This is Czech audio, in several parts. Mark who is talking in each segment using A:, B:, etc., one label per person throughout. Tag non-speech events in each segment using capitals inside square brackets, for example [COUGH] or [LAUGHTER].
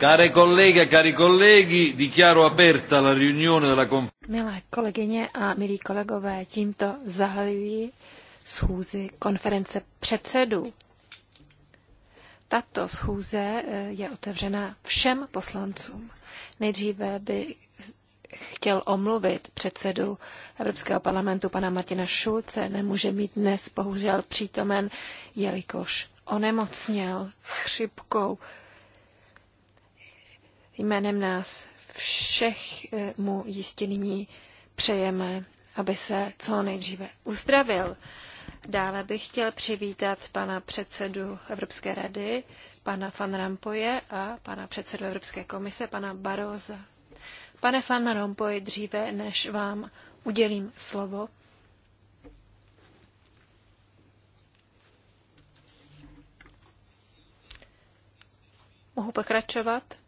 A: Care colleghe, cari colleghi, dichiaro aperta la riunione della
B: Milé kolegyně a milí kolegové, tímto zahajuji schůzi konference předsedů. Tato schůze eh, je otevřena všem poslancům. Nejdříve by chtěl omluvit předsedu Evropského parlamentu pana Martina Šulce. Nemůže mít dnes bohužel přítomen, jelikož onemocněl chřipkou. Jménem nás všech eh, mu jistě nyní přejeme, aby se co nejdříve uzdravil. Dále bych chtěl přivítat pana předsedu Evropské rady, pana Van Rampoje a pana předsedu Evropské komise, pana Baroza. Pane Van Rampoje, dříve než vám udělím slovo, Mohu pokračovat?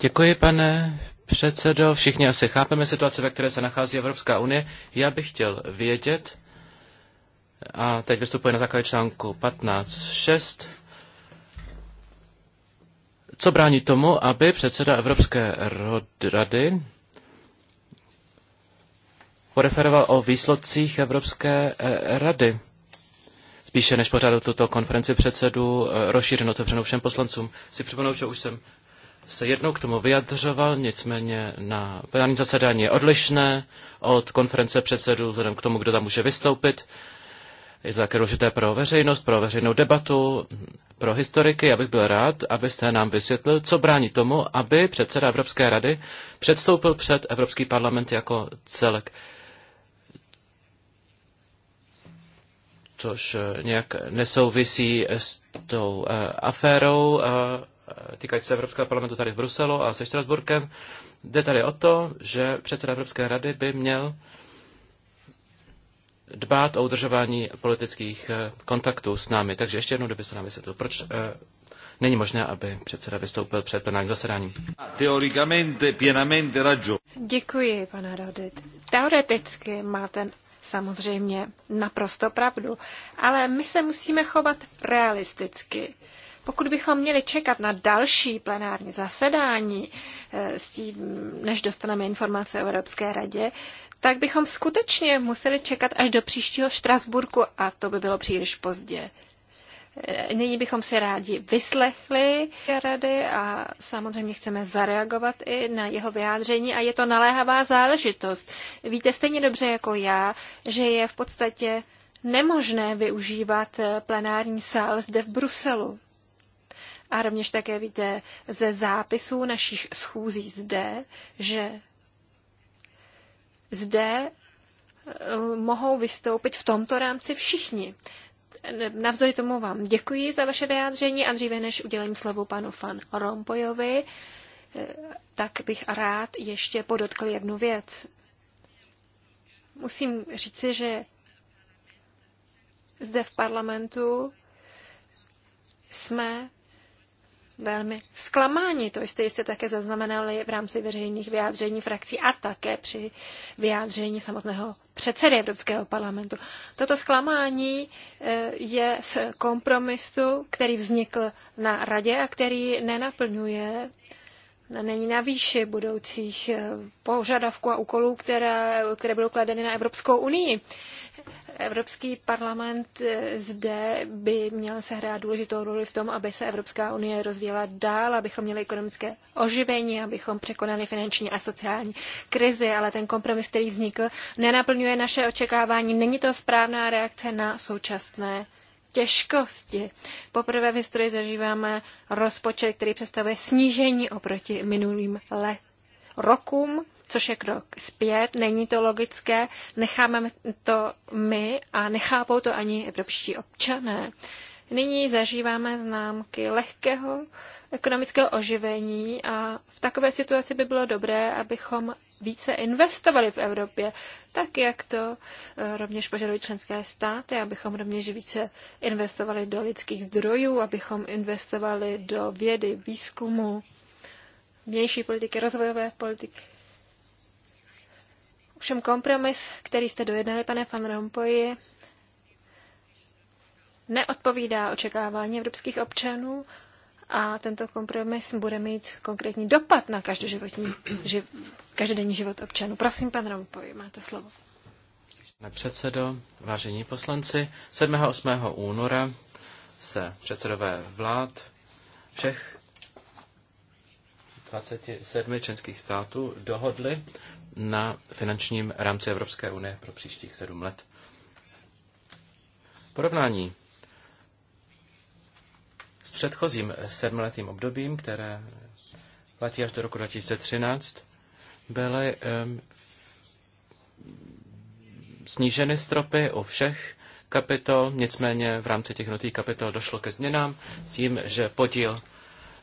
C: Děkuji, pane předsedo. Všichni asi chápeme situaci, ve které se nachází Evropská unie. Já bych chtěl vědět, a teď vystupuji na základě článku 15.6, co brání tomu, aby předseda Evropské rady poreferoval o výsledcích Evropské eh, rady spíše než pořádat tuto konferenci předsedu eh, rozšířenou, otevřenou všem poslancům. Si připomenout, že už jsem se jednou k tomu vyjadřoval, nicméně na plenárním zasedání je odlišné od konference předsedů, vzhledem k tomu, kdo tam může vystoupit. Je to také důležité pro veřejnost, pro veřejnou debatu, pro historiky. Já bych byl rád, abyste nám vysvětlil, co brání tomu, aby předseda Evropské rady předstoupil před Evropský parlament jako celek. což eh, nějak nesouvisí s tou eh, aférou eh, týkající se Evropského parlamentu tady v Bruselu a se Štrasburkem. Jde tady o to, že předseda Evropské rady by měl dbát o udržování politických kontaktů s námi. Takže ještě jednou, kdyby se nám vysvětlil, proč e, není možné, aby předseda vystoupil před plenárním zasedáním. Teoricamente, pienamente
B: Děkuji, pane Rodit. Teoreticky máte samozřejmě naprosto pravdu. Ale my se musíme chovat realisticky. Pokud bychom měli čekat na další plenární zasedání, eh, s tím, než dostaneme informace o Evropské radě, tak bychom skutečně museli čekat až do příštího Štrasburku a to by bylo příliš pozdě. Nyní bychom si rádi vyslechli rady a samozřejmě chceme zareagovat i na jeho vyjádření a je to naléhavá záležitost. Víte stejně dobře jako já, že je v podstatě nemožné využívat plenární sál zde v Bruselu. A rovněž také víte ze zápisů našich schůzí zde, že zde mohou vystoupit v tomto rámci všichni. Navzdory tomu vám děkuji za vaše vyjádření a dříve než udělím slovo panu Fan Rompojovi, eh, tak bych rád ještě podotkl jednu věc. Musím říci, že zde v parlamentu jsme velmi zklamáni. To jste jistě také zaznamenali v rámci veřejných vyjádření frakcí a také při vyjádření samotného předsedy Evropského parlamentu. Toto zklamání eh, je z kompromisu, který vznikl na radě a který nenaplňuje není na výši budoucích eh, požadavků a úkolů, které, které budou kladeny na Evropskou unii. Evropský parlament eh, zde by měl sehrát důležitou roli v tom, aby se Evropská unie rozvíjela dál, abychom měli ekonomické oživení, abychom překonali finanční a sociální krizi, ale ten kompromis, který vznikl, nenaplňuje naše očekávání. Není to správná reakce na současné těžkosti. Poprvé v historii zažíváme rozpočet, který představuje snížení oproti minulým let rokům což je krok zpět. Není to logické, necháme to my a nechápou to ani evropští občané. Nyní zažíváme známky lehkého ekonomického oživení a v takové situaci by bylo dobré, abychom více investovali v Evropě, tak jak to eh, rovněž požadují členské státy, abychom rovněž více investovali do lidských zdrojů, abychom investovali do vědy, výzkumu, vnější politiky, rozvojové politiky. Ovšem kompromis, který jste dojednali, pane Van Rompuy, neodpovídá očekávání evropských občanů a tento kompromis bude mít konkrétní dopad na každoživotní, živ, každodenní život občanů. Prosím, pan Rompuy, máte slovo.
C: Pane předsedo, vážení poslanci, 7. a 8. února se předsedové vlád všech 27 členských států dohodli na finančním rámci Evropské unie pro příštích sedm let. Porovnání s předchozím sedmletým obdobím, které platí až do roku 2013, byly um, sníženy stropy u všech kapitol, nicméně v rámci těch nutých kapitol došlo ke změnám tím, že podíl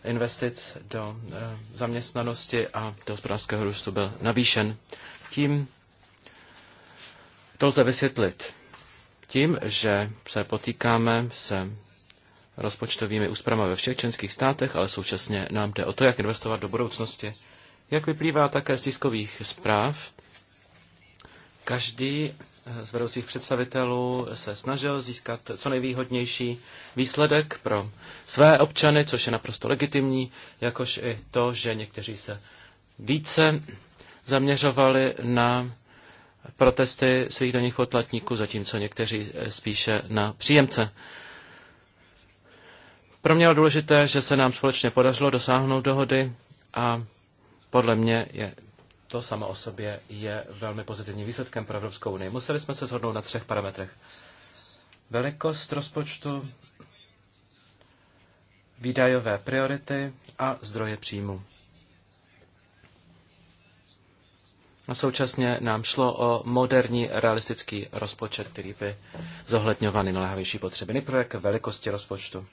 C: investic do eh, zaměstnanosti a do hospodářského růstu byl navýšen. Tím to lze vysvětlit tím, že se potýkáme se rozpočtovými úspravami ve všech členských státech, ale současně nám jde o to, jak investovat do budoucnosti. Jak vyplývá také z tiskových zpráv, každý z vedoucích představitelů se snažil získat co nejvýhodnější výsledek pro své občany, což je naprosto legitimní, jakož i to, že někteří se více zaměřovali na protesty svých daných potlatníků, zatímco někteří spíše na příjemce. Pro mě je důležité, že se nám společně podařilo dosáhnout dohody a podle mě je to samo o sobě je velmi pozitivním výsledkem pro Evropskou unii. Museli jsme se shodnout na třech parametrech. Velikost rozpočtu, výdajové priority a zdroje příjmu. A současně nám šlo o moderní realistický rozpočet, který by zohledňoval nejnaléhavější potřeby. Nejprve k velikosti rozpočtu.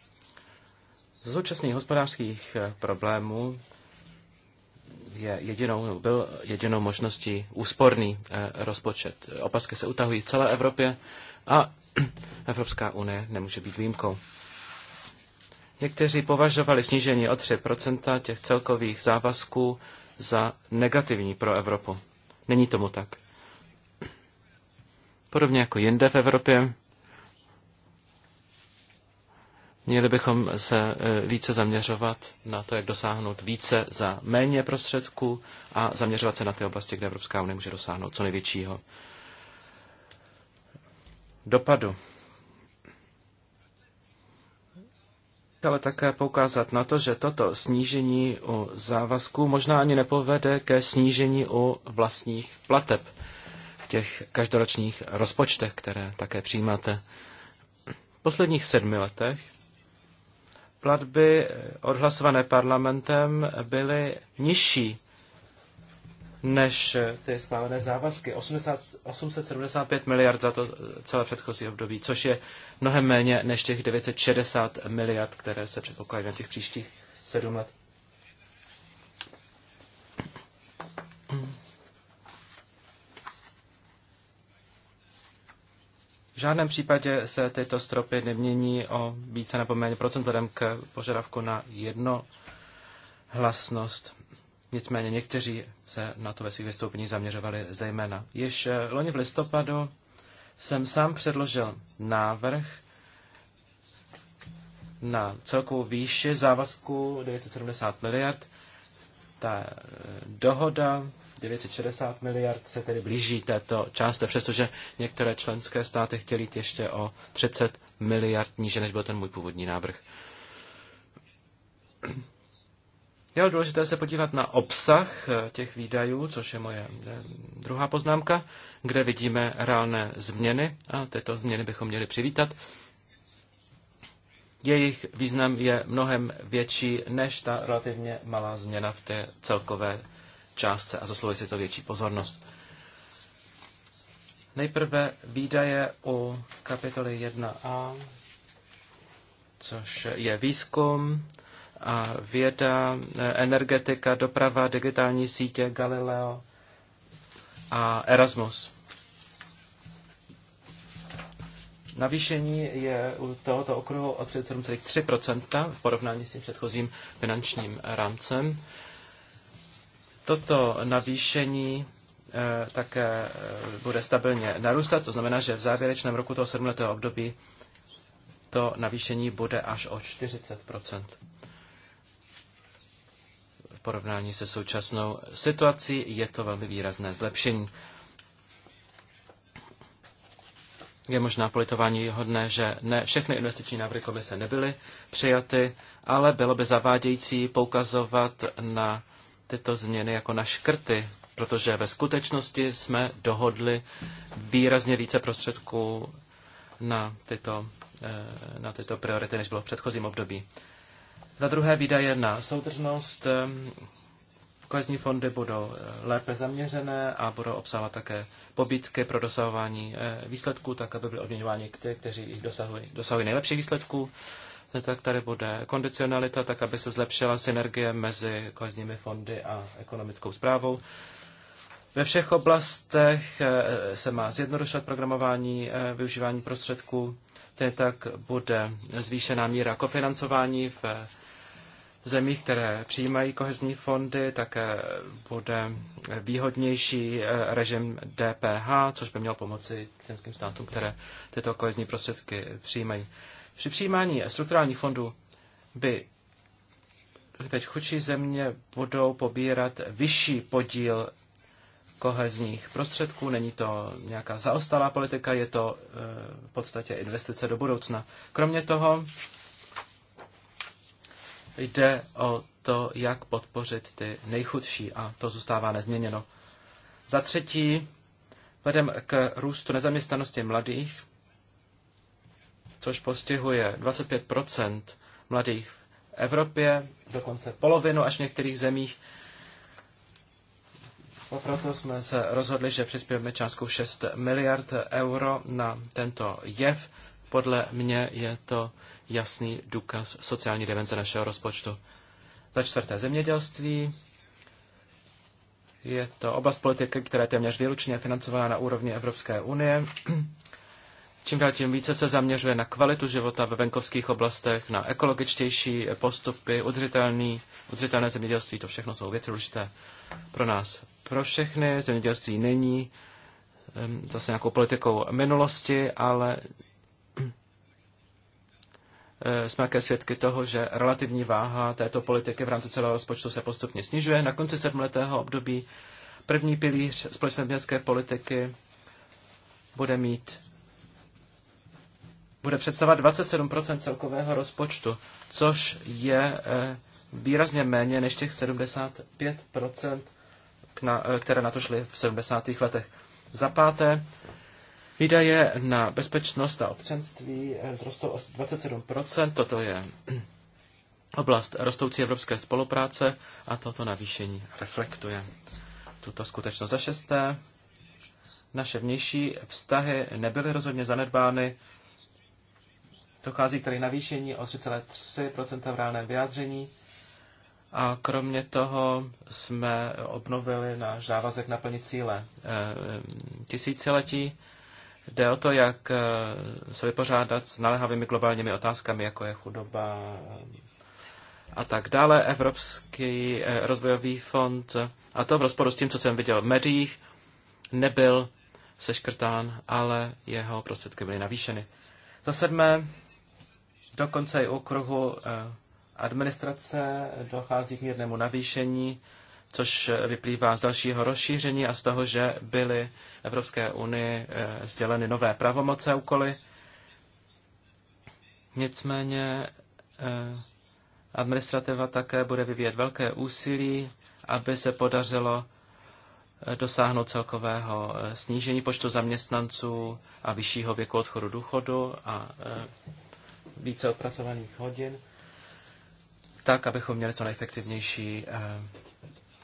C: Z současných hospodářských problémů je jedinou, byl jedinou možností úsporný eh, rozpočet. Opasky se utahují v celé Evropě a [CLEARS THROAT] Evropská unie nemůže být výjimkou. Někteří považovali snížení o 3% těch celkových závazků za negativní pro Evropu. Není tomu tak. Podobně jako jinde v Evropě, Měli bychom se e, více zaměřovat na to, jak dosáhnout více za méně prostředků a zaměřovat se na ty oblasti, kde Evropská unie může dosáhnout co největšího dopadu. ale také poukázat na to, že toto snížení u závazků možná ani nepovede ke snížení u vlastních plateb v těch každoročních rozpočtech, které také přijímáte. V posledních sedmi letech platby eh, odhlasované parlamentem byly nižší než eh, ty schválené závazky. 80, 875 miliard za to eh, celé předchozí období, což je mnohem méně než těch 960 miliard, které se předpokládají na těch příštích sedm let. V žádném případě se tyto stropy nemění o více nebo méně procent vzhledem k požadavku na jednohlasnost. Nicméně někteří se na to ve svých vystoupení zaměřovali zejména. Již eh, loni v listopadu jsem sám předložil návrh na celkovou výši závazku 970 miliard. Ta eh, dohoda 960 miliard se tedy blíží této částce, přestože některé členské státy chtěly jít ještě o 30 miliard níže, než byl ten můj původní návrh. Je ale důležité se podívat na obsah eh, těch výdajů, což je moje eh, druhá poznámka, kde vidíme reálné změny a tyto změny bychom měli přivítat. Jejich význam je mnohem větší než ta relativně malá změna v té celkové částce a zaslouží si to větší pozornost. Nejprve výdaje u kapitoly 1a, což je výzkum, a věda, energetika, doprava, digitální sítě, Galileo a Erasmus. Navýšení je u tohoto okruhu o 37,3 v porovnání s tím předchozím finančním rámcem Toto navýšení eh, také eh, bude stabilně narůstat, to znamená, že v závěrečném roku toho sedmletého období to navýšení bude až o 40 V porovnání se současnou situací je to velmi výrazné zlepšení. Je možná politování hodné, že ne všechny investiční návrhy komise nebyly přijaty, ale bylo by zavádějící poukazovat na tyto změny jako na škrty, protože ve skutečnosti jsme dohodli výrazně více prostředků na tyto, eh, na tyto priority, než bylo v předchozím období. Za druhé výdaje na soudržnost. Eh, kohezní fondy budou eh, lépe zaměřené a budou obsahovat také pobídky pro dosahování výsledků, tak aby byly odměňováni ty, kteří jich dosahují, dosahují nejlepších výsledků tak tady bude kondicionalita, tak aby se zlepšila synergie mezi kohezními fondy a ekonomickou zprávou. Ve všech oblastech eh, se má zjednodušovat programování, eh, využívání prostředků, tedy tak bude zvýšená míra kofinancování v eh, zemích, které přijímají kohezní fondy, také bude výhodnější režim DPH, což by měl pomoci členským státům, které tyto kohezní prostředky přijímají. Při přijímání strukturálních fondů by teď chudší země budou pobírat vyšší podíl kohezních prostředků. Není to nějaká zaostalá politika, je to eh, v podstatě investice do budoucna. Kromě toho jde o to, jak podpořit ty nejchudší a to zůstává nezměněno. Za třetí, vedem k růstu nezaměstnanosti mladých což postihuje 25 mladých v Evropě, dokonce polovinu až v některých zemích. Proto jsme se rozhodli, že přispějeme částku 6 miliard euro na tento jev. Podle mě je to jasný důkaz sociální dimenze našeho rozpočtu. Za čtvrté zemědělství. Je to oblast politiky, která je téměř výlučně financována na úrovni Evropské unie čím dál tím více se zaměřuje na kvalitu života ve venkovských oblastech, na ekologičtější postupy, udržitelný, udržitelné zemědělství, to všechno jsou věci důležité pro nás, pro všechny. Zemědělství není zase nějakou politikou minulosti, ale eh, jsme také svědky toho, že relativní váha této politiky v rámci celého rozpočtu se postupně snižuje. Na konci sedmletého období první pilíř společné městské politiky bude mít bude představovat 27 celkového rozpočtu, což je eh, výrazně méně než těch 75 eh, které na to šly v 70. letech. Za páté, výdaje na bezpečnost a občanství eh, vzrostou o 27 toto je [CLEARS THROAT] oblast rostoucí evropské spolupráce a toto navýšení reflektuje tuto skutečnost. Za šesté, naše vnější vztahy nebyly rozhodně zanedbány Dochází k tady navýšení o 3,3 v reálném vyjádření. A kromě toho jsme obnovili náš závazek naplnit cíle eh, tisíciletí. Jde o to, jak eh, se vypořádat s naléhavými globálními otázkami, jako je chudoba eh, a tak dále. Evropský rozvojový fond, a to v rozporu s tím, co jsem viděl v médiích, nebyl seškrtán, ale jeho prostředky byly navýšeny. Za sedmé, Dokonce i u kruhu eh, administrace dochází k mírnému navýšení, což eh, vyplývá z dalšího rozšíření a z toho, že byly Evropské unii eh, sděleny nové pravomoce úkoly. Nicméně administrativa také bude vyvíjet velké úsilí, aby se podařilo dosáhnout celkového snížení počtu zaměstnanců a vyššího věku odchodu důchodu a více odpracovaných hodin, tak, abychom měli co nejefektivnější eh,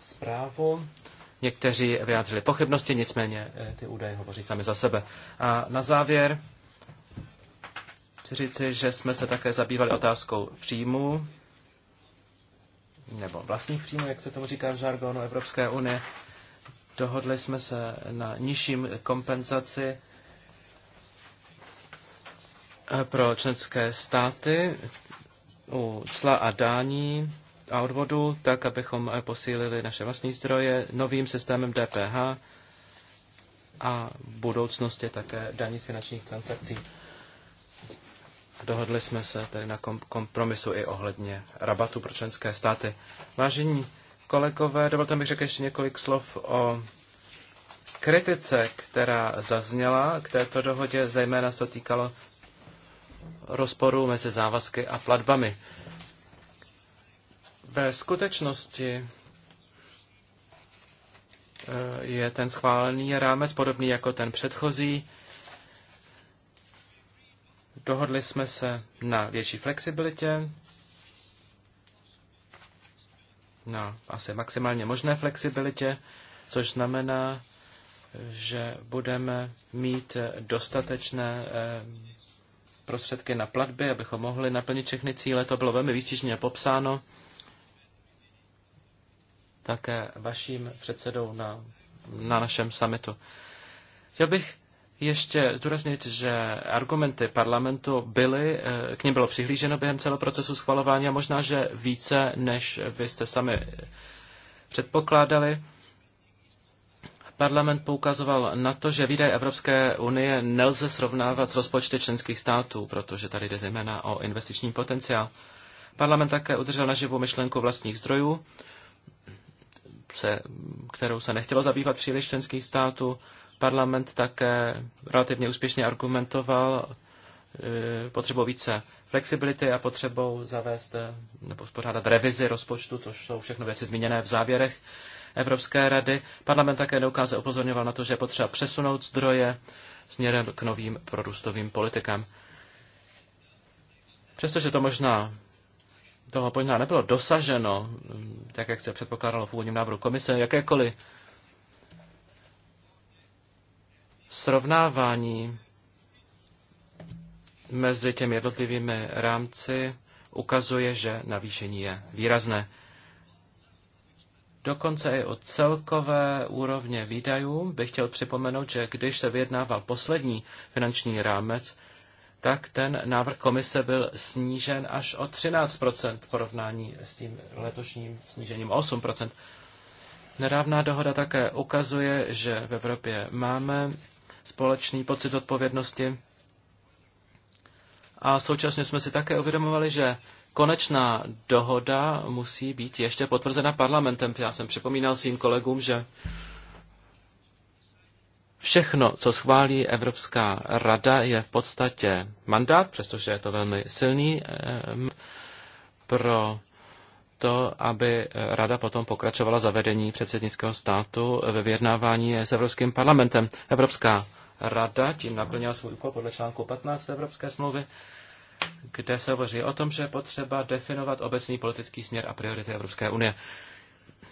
C: zprávu. Někteří vyjádřili pochybnosti, nicméně eh, ty údaje hovoří sami za sebe. A na závěr chci říci, že jsme se také zabývali otázkou příjmů, nebo vlastních příjmů, jak se tomu říká v žargonu Evropské unie. Dohodli jsme se na nižším kompenzaci pro členské státy u cla a dání a odvodu, tak abychom posílili naše vlastní zdroje novým systémem DPH a v budoucnosti také daní z finančních transakcí. Dohodli jsme se tedy na kompromisu i ohledně rabatu pro členské státy. Vážení kolegové, dovolte mi řekl ještě několik slov o kritice, která zazněla k této dohodě, zejména se týkalo rozporu mezi závazky a platbami. Ve skutečnosti eh, je ten schválený rámec podobný jako ten předchozí. Dohodli jsme se na větší flexibilitě, na asi maximálně možné flexibilitě, což znamená, že budeme mít dostatečné eh, prostředky na platby, abychom mohli naplnit všechny cíle. To bylo velmi výstižně popsáno také vaším předsedou na, na našem summitu. Chtěl bych ještě zdůraznit, že argumenty parlamentu byly, eh, k ním bylo přihlíženo během celého procesu schvalování a možná, že více, než vy jste sami předpokládali. Parlament poukazoval na to, že výdaje Evropské unie nelze srovnávat s rozpočty členských států, protože tady jde zejména o investiční potenciál. Parlament také udržel naživu myšlenku vlastních zdrojů, se, kterou se nechtělo zabývat příliš členských států. Parlament také relativně úspěšně argumentoval e, potřebou více flexibility a potřebou zavést e, nebo spořádat revizi rozpočtu, což jsou všechno věci zmíněné v závěrech Evropské rady. Parlament také neukáze upozorňoval na to, že je potřeba přesunout zdroje směrem k novým prorůstovým politikám. Přestože to možná toho možná nebylo dosaženo, mm, tak jak se předpokládalo v původním návrhu komise, jakékoliv srovnávání mezi těmi jednotlivými rámci ukazuje, že navýšení je výrazné. Dokonce i o celkové úrovně výdajů bych chtěl připomenout, že když se vyjednával poslední finanční rámec, tak ten návrh komise byl snížen až o 13 v porovnání s tím letošním snížením o 8 Nedávná dohoda také ukazuje, že v Evropě máme společný pocit odpovědnosti a současně jsme si také uvědomovali, že Konečná dohoda musí být ještě potvrzena parlamentem. Já jsem připomínal svým kolegům, že všechno, co schválí Evropská rada, je v podstatě mandát, přestože je to velmi silný eh, pro to, aby rada potom pokračovala zavedení předsednického státu ve vyjednávání s Evropským parlamentem. Evropská rada tím naplnila svůj úkol podle článku 15 Evropské smlouvy kde se hovoří o tom, že je potřeba definovat obecný politický směr a priority Evropské unie.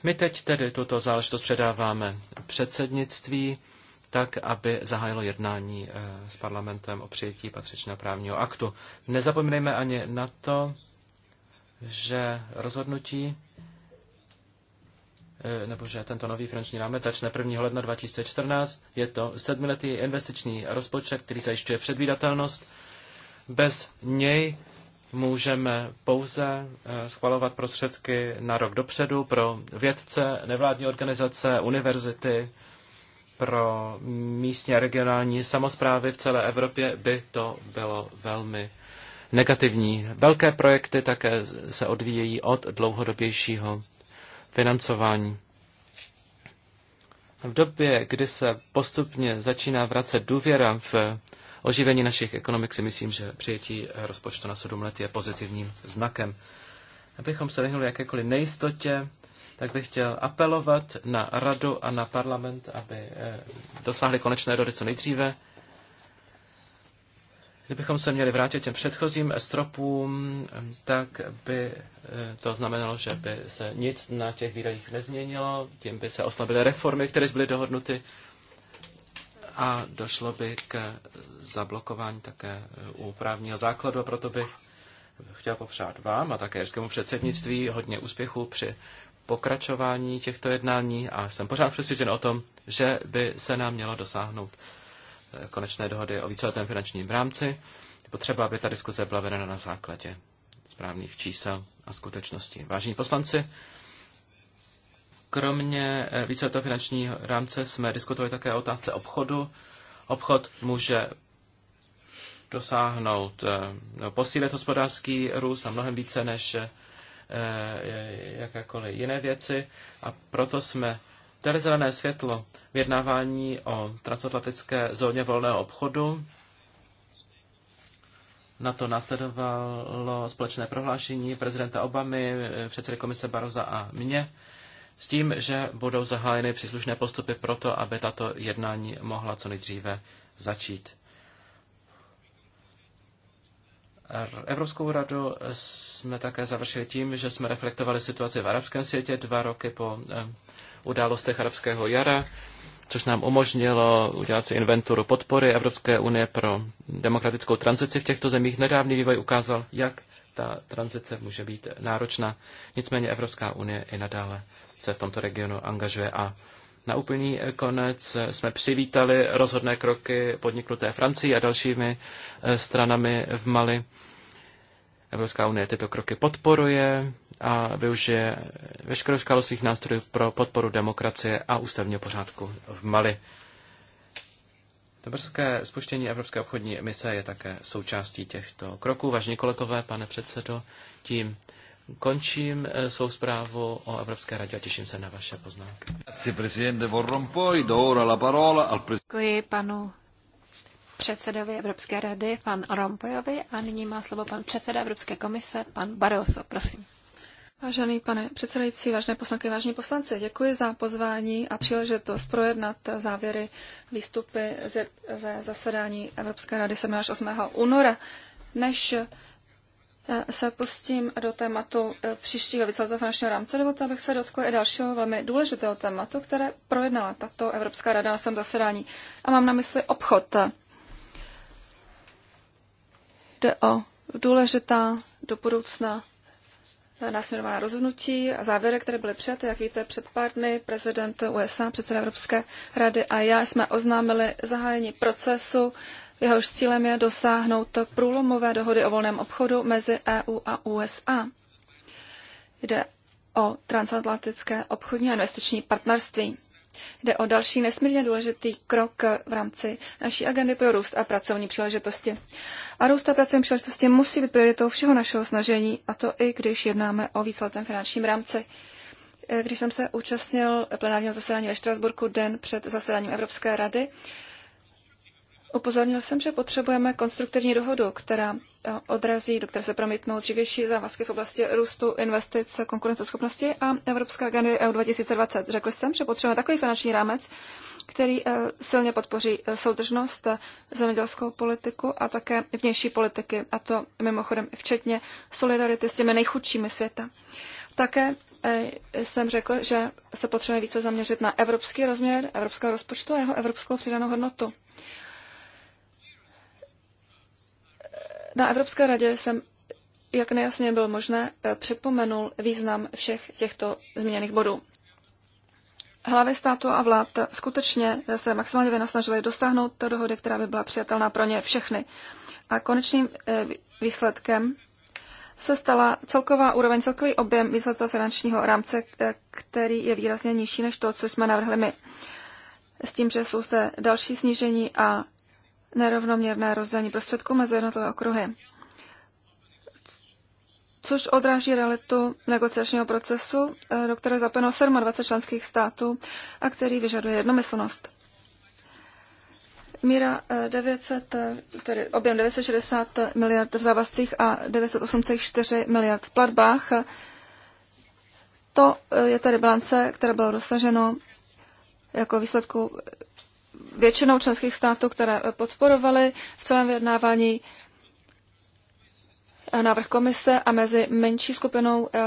C: My teď tedy tuto záležitost předáváme předsednictví, tak, aby zahájilo jednání eh, s parlamentem o přijetí patřičného právního aktu. Nezapomínejme ani na to, že rozhodnutí eh, nebo že tento nový finanční rámec začne 1. ledna 2014. Je to sedmiletý investiční rozpočet, který zajišťuje předvídatelnost bez něj můžeme pouze eh, schvalovat prostředky na rok dopředu pro vědce, nevládní organizace, univerzity, pro místní a regionální samozprávy v celé Evropě by to bylo velmi negativní. Velké projekty také se odvíjejí od dlouhodobějšího financování. V době, kdy se postupně začíná vracet důvěra v oživení našich ekonomik si myslím, že přijetí rozpočtu na 7 let je pozitivním znakem. Abychom se vyhnuli jakékoliv nejistotě, tak bych chtěl apelovat na radu a na parlament, aby eh, dosáhli konečné dohody co nejdříve. Kdybychom se měli vrátit těm předchozím stropům, tak by eh, to znamenalo, že by se nic na těch výdajích nezměnilo, tím by se oslabily reformy, které byly dohodnuty a došlo by k zablokování také u právního základu a proto bych chtěl popřát vám a také jerskému předsednictví hodně úspěchu při pokračování těchto jednání a jsem pořád přesvědčen o tom, že by se nám mělo dosáhnout eh, konečné dohody o víceletém finančním rámci. Potřeba, aby ta diskuze byla vedena na základě správných čísel a skutečností. Vážení poslanci, Kromě eh, víceletého finančního rámce jsme diskutovali také o otázce obchodu. Obchod může dosáhnout, no, posílit hospodářský růst a mnohem více než eh, jakékoliv jiné věci a proto jsme dali zelené světlo vyjednávání o transatlantické zóně volného obchodu. Na to následovalo společné prohlášení prezidenta Obamy, předsedy komise Baroza a mě s tím, že budou zahájeny příslušné postupy pro to, aby tato jednání mohla co nejdříve začít. Evropskou radu jsme také završili tím, že jsme reflektovali situaci v arabském světě dva roky po eh, událostech arabského jara, což nám umožnilo udělat si inventuru podpory Evropské unie pro demokratickou tranzici v těchto zemích. Nedávný vývoj ukázal, jak ta tranzice může být náročná. Nicméně Evropská unie i nadále se v tomto regionu angažuje. A na úplný konec jsme přivítali rozhodné kroky podniknuté Francii a dalšími eh, stranami v Mali. Evropská unie tyto kroky podporuje a využije veškerou škálu svých nástrojů pro podporu demokracie a ústavního pořádku v Mali. To brzké spuštění Evropské obchodní mise je také součástí těchto kroků. Vážení kolegové, pane předsedo, tím končím eh, svou zprávu o Evropské radě a těším se na vaše poznámky.
B: Děkuji panu předsedovi Evropské
D: rady, pan Rompojovi, a nyní má slovo pan předseda Evropské komise, pan Barroso, prosím. Vážený pane předsedající, vážené poslanky, vážení poslanci, děkuji za pozvání a příležitost projednat závěry výstupy ze zasedání Evropské rady 7. až 8. února. Než Eh, se pustím do tématu eh, příštího víceletého finančního rámce, dovolte, abych se dotkl i dalšího velmi důležitého tématu, které projednala tato Evropská rada na svém zasedání. A mám na mysli obchod. Jde o důležitá do budoucna eh, následovaná rozhodnutí a závěry, které byly přijaty, jak víte, před pár dny prezident USA, předseda Evropské rady a já jsme oznámili zahájení procesu jehož cílem je dosáhnout průlomové dohody o volném obchodu mezi EU a USA. Jde o transatlantické obchodní a investiční partnerství. Jde o další nesmírně důležitý krok v rámci naší agendy pro růst a pracovní příležitosti. A růst a pracovní příležitosti musí být prioritou všeho našeho snažení, a to i když jednáme o výsledném finančním rámci. Když jsem se účastnil plenárního zasedání ve Štrasburku den před zasedáním Evropské rady, Upozornil jsem, že potřebujeme konstruktivní dohodu, která eh, odrazí, do které se promítnou dřívější závazky v oblasti růstu investic, konkurenceschopnosti a Evropská agendy EU 2020. Řekl jsem, že potřebujeme takový finanční rámec, který eh, silně podpoří eh, soudržnost, zemědělskou politiku a také vnější politiky, a to mimochodem včetně solidarity s těmi nejchudšími světa. Také jsem řekl, že se potřebujeme více zaměřit na evropský rozměr evropského rozpočtu a jeho evropskou přidanou hodnotu. Na Evropské radě jsem, jak nejasně bylo možné, eh, připomenul význam všech těchto změněných bodů. Hlavy státu a vlád skutečně se maximálně vynasnažili dosáhnout té dohody, která by byla přijatelná pro ně všechny. A konečným eh, výsledkem se stala celková úroveň, celkový objem výsledku finančního rámce, eh, který je výrazně nižší než to, co jsme navrhli my. S tím, že jsou zde další snížení a nerovnoměrné rozdělení prostředků mezi jednotlivé okruhy, což odráží realitu negociačního procesu, eh, do kterého zapojeno 27 členských států a který vyžaduje jednomyslnost. Míra 900, eh, eh, tedy objem 960 miliard v závazcích a 908,4 miliard v platbách. To je tedy bilance, která byla dosaženo jako výsledku většinou členských států, které eh, podporovaly v celém vyjednávání eh, návrh komise a mezi menší skupinou eh,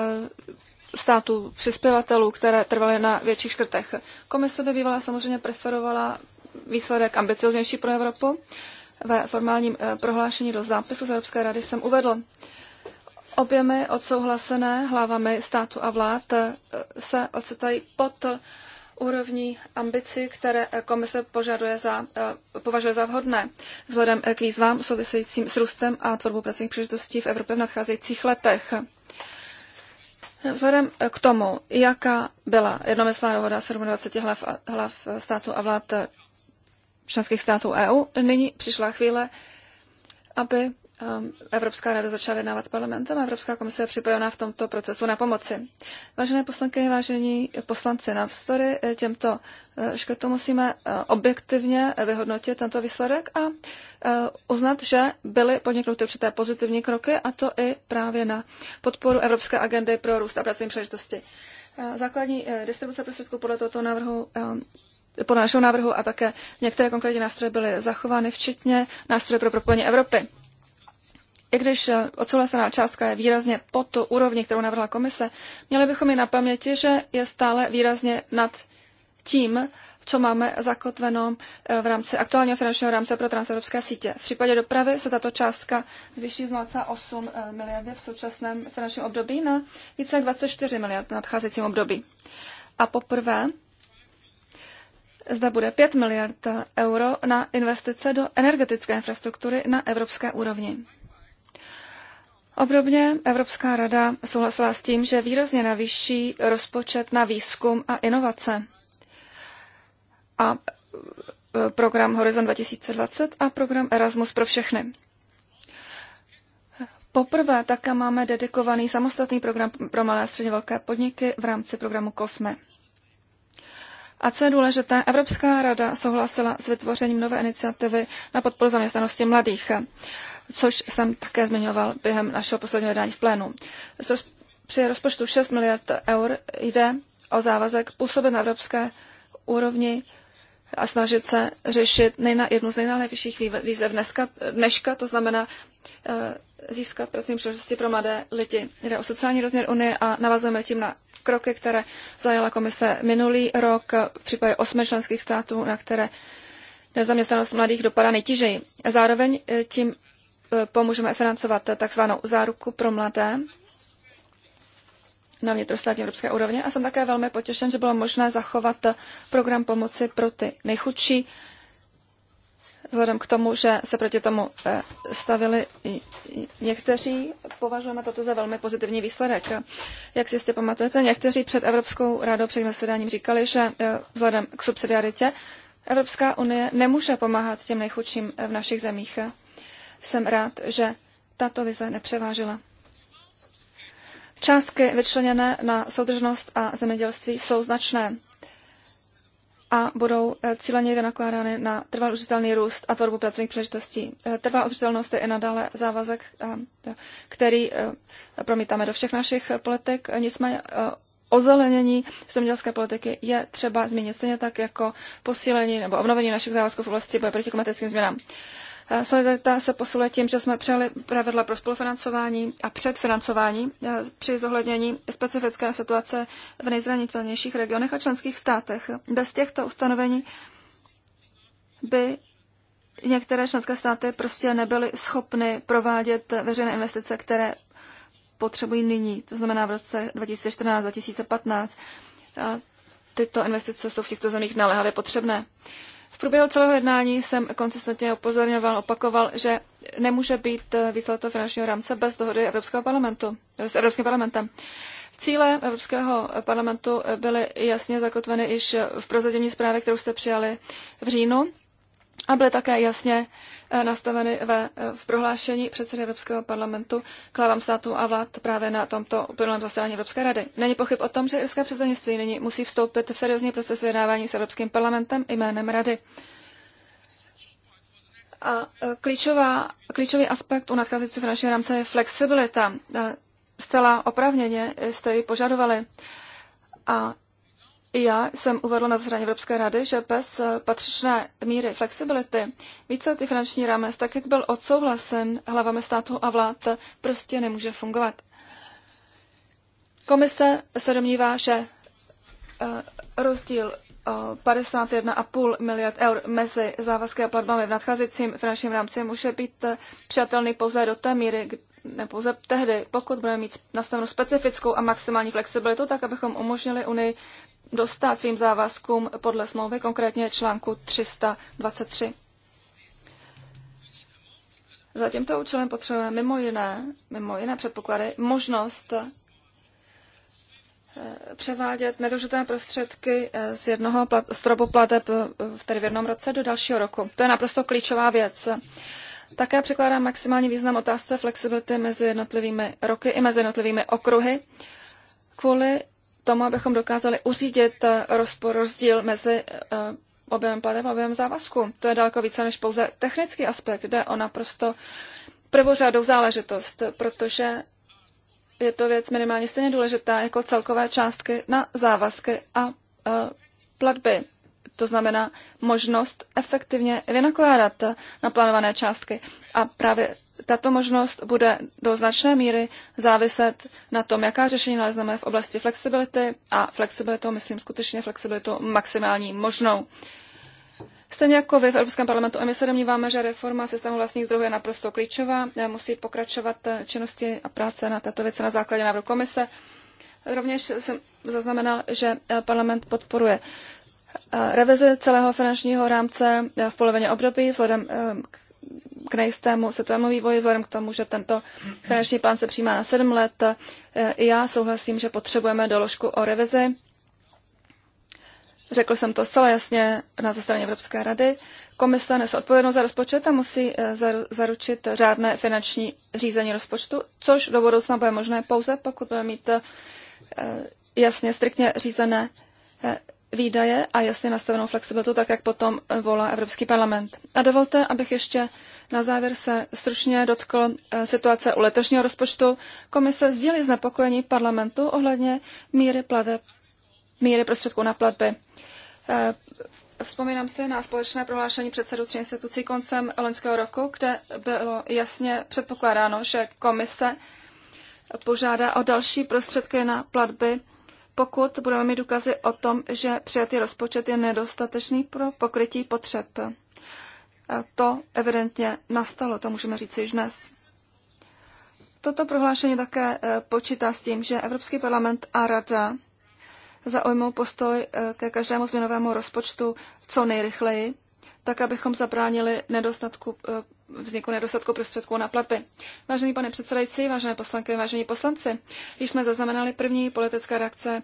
D: států přispěvatelů, které trvaly na větších škrtech. Komise by bývala samozřejmě preferovala výsledek ambicioznější pro Evropu. Ve formálním prohlášení do zápisu z Evropské rady jsem uvedl, Objemy odsouhlasené hlavami státu a vlád se ocitají pod úrovní ambicí, které eh, komise požaduje za, eh, považuje za vhodné vzhledem eh, k výzvám souvisejícím s růstem a tvorbou pracovních příležitostí v Evropě v nadcházejících letech. Vzhledem k tomu, jaká byla jednomyslná dohoda 27 hlav, hlav států a vlád členských států EU, nyní přišla chvíle, aby Ehm, Evropská rada začala vyjednávat s parlamentem a Evropská komise je připravena v tomto procesu na pomoci. Vážené poslankyně, vážení poslanci, navzdory eh, těmto eh, škrtům musíme eh, objektivně vyhodnotit tento výsledek a uznat, že byly podniknuty určité pozitivní kroky a to i právě na podporu Evropské agendy pro růst a pracovní příležitosti. Základní distribuce prostředků podle tohoto návrhu podle našeho návrhu a také některé konkrétní nástroje byly zachovány, včetně nástroje pro propojení Evropy. I když eh, odsouhlasená částka je výrazně pod tu úrovni, kterou navrhla komise, měli bychom i na paměti, že je stále výrazně nad tím, co máme zakotveno eh, v rámci aktuálního finančního rámce pro transevropské sítě. V případě dopravy se tato částka zvýší z 0,8 eh, miliardy v současném finančním období na více jak 24 miliard v nadcházejícím období. A poprvé zde bude 5 miliard euro na investice do energetické infrastruktury na evropské úrovni. Obdobně Evropská rada souhlasila s tím, že výrazně navýší rozpočet na výzkum a inovace a e, program Horizon 2020 a program Erasmus pro všechny. Poprvé také máme dedikovaný samostatný program pro malé a středně velké podniky v rámci programu COSME. A co je důležité, Evropská rada souhlasila s vytvořením nové iniciativy na podporu zaměstnanosti mladých což jsem také zmiňoval během našeho posledního jednání v plénu. Při rozpočtu 6 miliard eur jde o závazek působit na evropské úrovni a snažit se řešit nejna, jednu z nejnáhlevějších výzev dneska, dneška, to znamená e, získat pracovní příležitosti pro mladé lidi. Jde o sociální rozměr Unie a navazujeme tím na kroky, které zajala komise minulý rok v případě osmi členských států, na které nezaměstnanost mladých dopadá nejtěžeji. Zároveň eh, tím pomůžeme financovat takzvanou záruku pro mladé na vnitrostátní evropské úrovni a jsem také velmi potěšen, že bylo možné zachovat program pomoci pro ty nejchudší, vzhledem k tomu, že se proti tomu eh, stavili někteří, považujeme toto za velmi pozitivní výsledek. Jak si jistě pamatujete, někteří před Evropskou radou před zasedáním říkali, že eh, vzhledem k subsidiaritě Evropská unie nemůže pomáhat těm nejchudším v našich zemích. Jsem rád, že tato vize nepřevážila. Částky vyčleněné na soudržnost a zemědělství jsou značné a budou eh, cíleně vynakládány na trvalý užitelný růst a tvorbu pracovních příležitostí. Eh, trvalá udržitelnost je i nadále závazek, eh, který promítáme do všech našich politik. Nicméně ozelenění zemědělské politiky je třeba změnit stejně tak jako posílení nebo obnovení našich závazků v oblasti boje proti klimatickým změnám. Eh, solidarita se posiluje tím, že jsme přijali pravidla pro spolufinancování a předfinancování eh, při zohlednění specifické situace v nejzranitelnějších regionech a členských státech. Bez těchto ustanovení by některé členské státy prostě nebyly schopny provádět veřejné investice, které potřebují nyní, to znamená v roce 2014-2015. Tyto investice jsou v těchto zemích naléhavě potřebné průběhu celého jednání jsem konsistentně upozorňoval, opakoval, že nemůže být výsledek finančního rámce bez dohody Evropského parlamentu, s Evropským parlamentem. Cíle Evropského parlamentu byly jasně zakotveny již v prozatímní zprávě, kterou jste přijali v říjnu a byly také jasně Eh, nastaveny ve, eh, v prohlášení předsedy Evropského parlamentu k hlavám států a vlád právě na tomto plném zasedání Evropské rady. Není pochyb o tom, že irské předsednictví nyní musí vstoupit v seriózní proces vyjednávání s Evropským parlamentem jménem rady. A eh, klíčová, klíčový aspekt u nadcházejícího finančního rámce je flexibilita. Zcela opravněně jste ji požadovali. A i já jsem uvedl na zhraně Evropské rady, že bez eh, patřičné míry flexibility více ty finanční rámec, tak jak byl odsouhlasen hlavami státu a vlád, prostě nemůže fungovat. Komise se domnívá, že eh, rozdíl 51,5 eh, miliard eur mezi závazky a platbami v nadcházejícím finančním rámci může být přijatelný pouze do té míry, nebo tehdy, pokud budeme mít nastavenou specifickou a maximální flexibilitu, tak abychom umožnili Unii dostat svým závazkům podle smlouvy, konkrétně článku 323. Za tímto účelem potřebujeme mimo jiné, mimo jiné předpoklady možnost eh, převádět nedožité prostředky eh, z jednoho plat, stropu plateb eh, tedy v jednom roce do dalšího roku. To je naprosto klíčová věc. Také překládám maximální význam otázce flexibility mezi jednotlivými roky i mezi jednotlivými okruhy kvůli tomu, abychom dokázali uřídit eh, rozpor, rozdíl mezi eh, objemem plateb a objemem závazku. To je daleko více než pouze technický aspekt, jde o naprosto prvořadou záležitost, protože je to věc minimálně stejně důležitá jako celkové částky na závazky a eh, platby to znamená možnost efektivně vynakládat na plánované částky. A právě tato možnost bude do značné míry záviset na tom, jaká řešení nalezneme v oblasti flexibility a flexibilitou, myslím skutečně flexibilitu maximální možnou. Stejně jako vy v Evropském parlamentu, a my se domníváme, že reforma systému vlastních zdrojů je naprosto klíčová, musí pokračovat činnosti a práce na této věci na základě návrhu komise. Rovněž jsem zaznamenal, že parlament podporuje revizi celého finančního rámce v polovině období vzhledem eh, k nejistému světovému vývoji, vzhledem k tomu, že tento finanční plán se přijímá na sedm let. Eh, I já souhlasím, že potřebujeme doložku o revizi. Řekl jsem to zcela jasně na ze Evropské rady. Komise nese odpovědnost za rozpočet a musí eh, zaručit řádné finanční řízení rozpočtu, což do budoucna bude možné pouze, pokud budeme mít jasně, striktně řízené výdaje a jasně nastavenou flexibilitu, tak jak potom volá Evropský parlament. A dovolte, abych ještě na závěr se stručně dotkl eh, situace u letošního rozpočtu. Komise sdílí znepokojení parlamentu ohledně míry, plateb, míry prostředků na platby. Eh, vzpomínám si na společné prohlášení předsedů tří institucí koncem loňského roku, kde bylo jasně předpokládáno, že komise požádá o další prostředky na platby pokud budeme mít důkazy o tom, že přijatý rozpočet je nedostatečný pro pokrytí potřeb. To evidentně nastalo, to můžeme říct již dnes. Toto prohlášení také e, počítá s tím, že Evropský parlament a Rada zaujmou postoj e, ke každému změnovému rozpočtu co nejrychleji, tak abychom zabránili nedostatku e, vzniku nedostatku prostředků na platby. Vážený pane předsedající, vážené poslanky, vážení poslanci, již jsme zaznamenali první politické reakce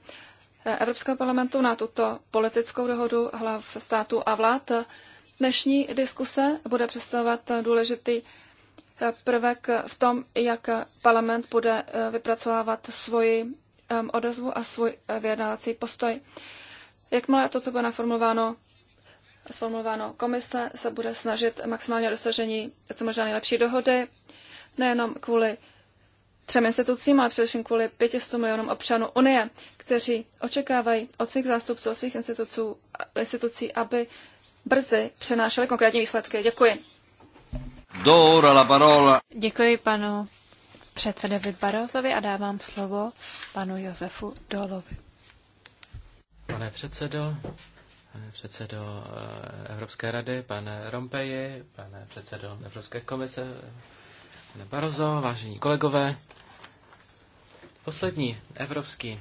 D: eh, Evropského parlamentu na tuto politickou dohodu hlav států a vlád. Dnešní diskuse bude představovat důležitý eh, prvek v tom, jak parlament bude eh, vypracovávat svoji odezvu a svůj vyjednávací postoj. Jakmile toto bude naformulováno, sformulováno. Komise se bude snažit maximálně o dosažení co možná nejlepší dohody, nejenom kvůli třem institucím, ale především kvůli 500 milionům občanů Unie, kteří očekávají od svých zástupců, od svých instituců, institucí, aby brzy přenášeli konkrétní výsledky. Děkuji.
A: Dora la
C: parola.
D: Děkuji panu předsedovi Barozovi a dávám slovo panu
B: Josefu Dolovi.
C: Pane předsedo, pane předsedo eh, Evropské rady, pane Rompeji, pane předsedo Evropské komise, pane Barozo, vážení kolegové. Poslední Evropský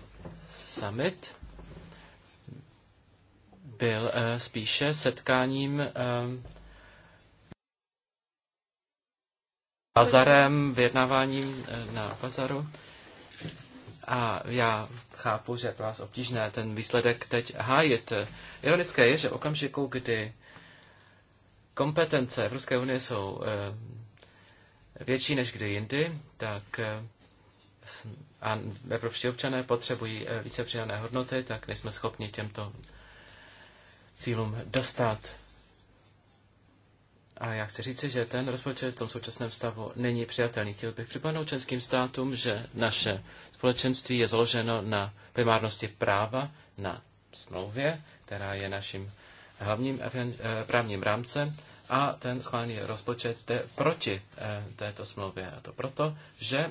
C: summit byl eh, spíše setkáním eh,
D: bazarem,
C: vyjednáváním na bazaru. A já chápu, že je pro vás obtížné ten výsledek teď hájit. Ironické je, že v okamžiku, kdy kompetence Evropské unie jsou eh, větší než kdy jindy, tak eh, a evropští občané potřebují eh, více přidané hodnoty, tak nejsme schopni těmto cílům dostat. A já chci říci, že ten rozpočet v tom současném stavu není přijatelný. Chtěl bych připomenout českým státům, že naše Společenství je založeno na primárnosti práva, na smlouvě, která je naším hlavním eh, právním rámcem a ten schválený rozpočet jde proti eh, této smlouvě. A to proto, že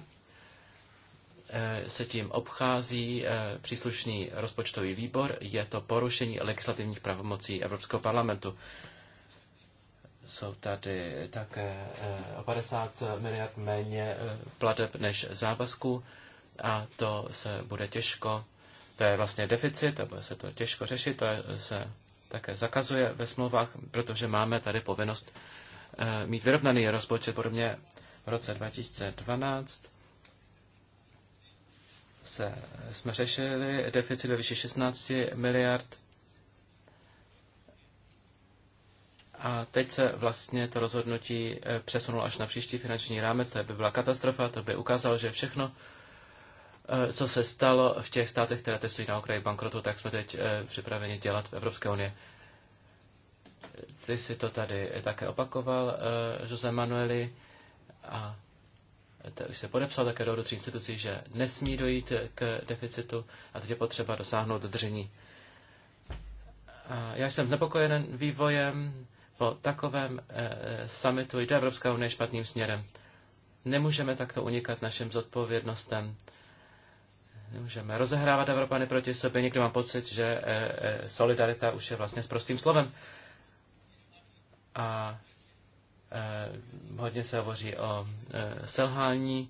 C: eh, se tím obchází příslušný rozpočtový výbor, je to porušení legislativních pravomocí Evropského parlamentu. Jsou tady také o 50 miliard méně plateb než závazků a to se bude těžko, to je vlastně deficit a bude se to těžko řešit, to se také zakazuje ve smlouvách, protože máme tady povinnost eh, mít vyrovnaný rozpočet podobně v roce 2012 se, jsme řešili deficit ve výši 16 miliard a teď se vlastně to rozhodnutí eh, přesunulo až na příští finanční rámec, to by byla katastrofa, to by ukázalo, že všechno, Eh, co se stalo v těch státech, které testují na okraji bankrotu, tak jsme teď eh, připraveni dělat v Evropské unii. Ty jsi to tady také opakoval, eh, Jose Manueli, a už se podepsal také do tří institucí, že nesmí dojít k deficitu a teď je potřeba dosáhnout držení. já jsem znepokojen vývojem po takovém eh, summitu jde Evropská unie špatným směrem. Nemůžeme takto unikat našim zodpovědnostem. Nemůžeme rozehrávat Evropany proti sobě. Někdo má pocit, že eh, eh, solidarita už je vlastně s prostým slovem. A eh, hodně se hovoří o selhání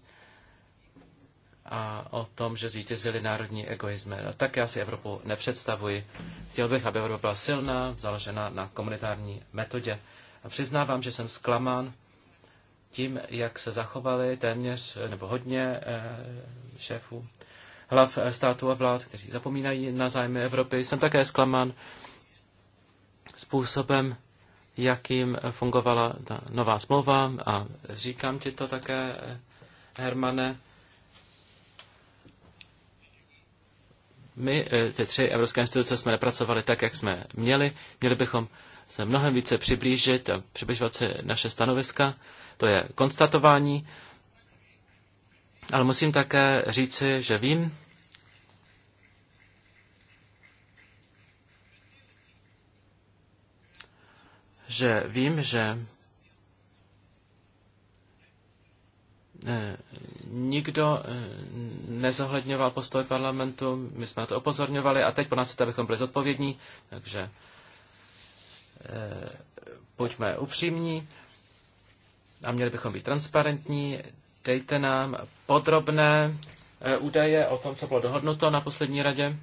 C: a o tom, že zvítězili národní egoismy. No, tak já si Evropu nepředstavuji. Chtěl bych, aby Evropa byla silná, založená na komunitární metodě. A přiznávám, že jsem zklamán tím, jak se zachovali téměř nebo hodně šéfů hlav států a vlád, kteří zapomínají na zájmy Evropy. Jsem také zklamán způsobem, jakým fungovala ta nová smlouva a říkám ti to také, Hermane. My, eh, ty tři evropské instituce, jsme nepracovali tak, jak jsme měli. Měli bychom se mnohem více přiblížit a přibližovat si naše stanoviska. To je konstatování ale musím také říci, že vím, že vím, že eh, nikdo eh, nezohledňoval postoj parlamentu, my jsme na to opozorňovali a teď po nás bychom abychom byli zodpovědní, takže eh, buďme upřímní a měli bychom být transparentní dejte nám podrobné eh, údaje o tom, co bylo dohodnuto na poslední radě.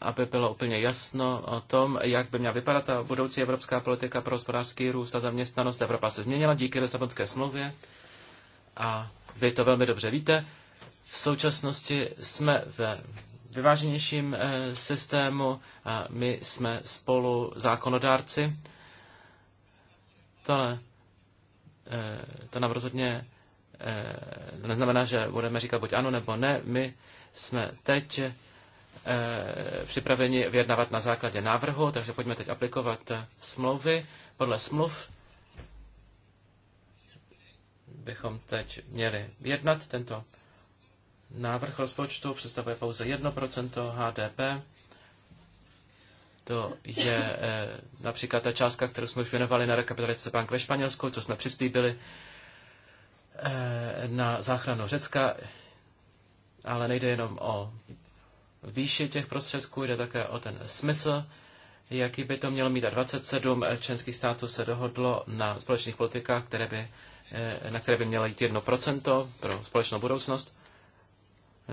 C: aby bylo úplně jasno o tom, jak by měla vypadat ta budoucí evropská politika pro hospodářský růst a zaměstnanost. Evropa se změnila díky Lisabonské smlouvě a vy to velmi dobře víte. V současnosti jsme ve vyváženějším eh, systému a my jsme spolu zákonodárci to, eh, to nám rozhodně eh, to neznamená, že budeme říkat buď ano nebo ne. My jsme teď eh, připraveni vyjednávat na základě návrhu, takže pojďme teď aplikovat smlouvy. Podle smluv bychom teď měli jednat. Tento návrh rozpočtu představuje pouze 1% HDP to je eh, například ta částka, kterou jsme už věnovali na rekapitalizaci bank ve Španělsku, co jsme přislíbili eh, na záchranu Řecka, ale nejde jenom o výši těch prostředků, jde také o ten smysl, jaký by to mělo mít. A 27 členských států se dohodlo na společných politikách, které by, eh, na které by mělo jít 1% pro společnou budoucnost.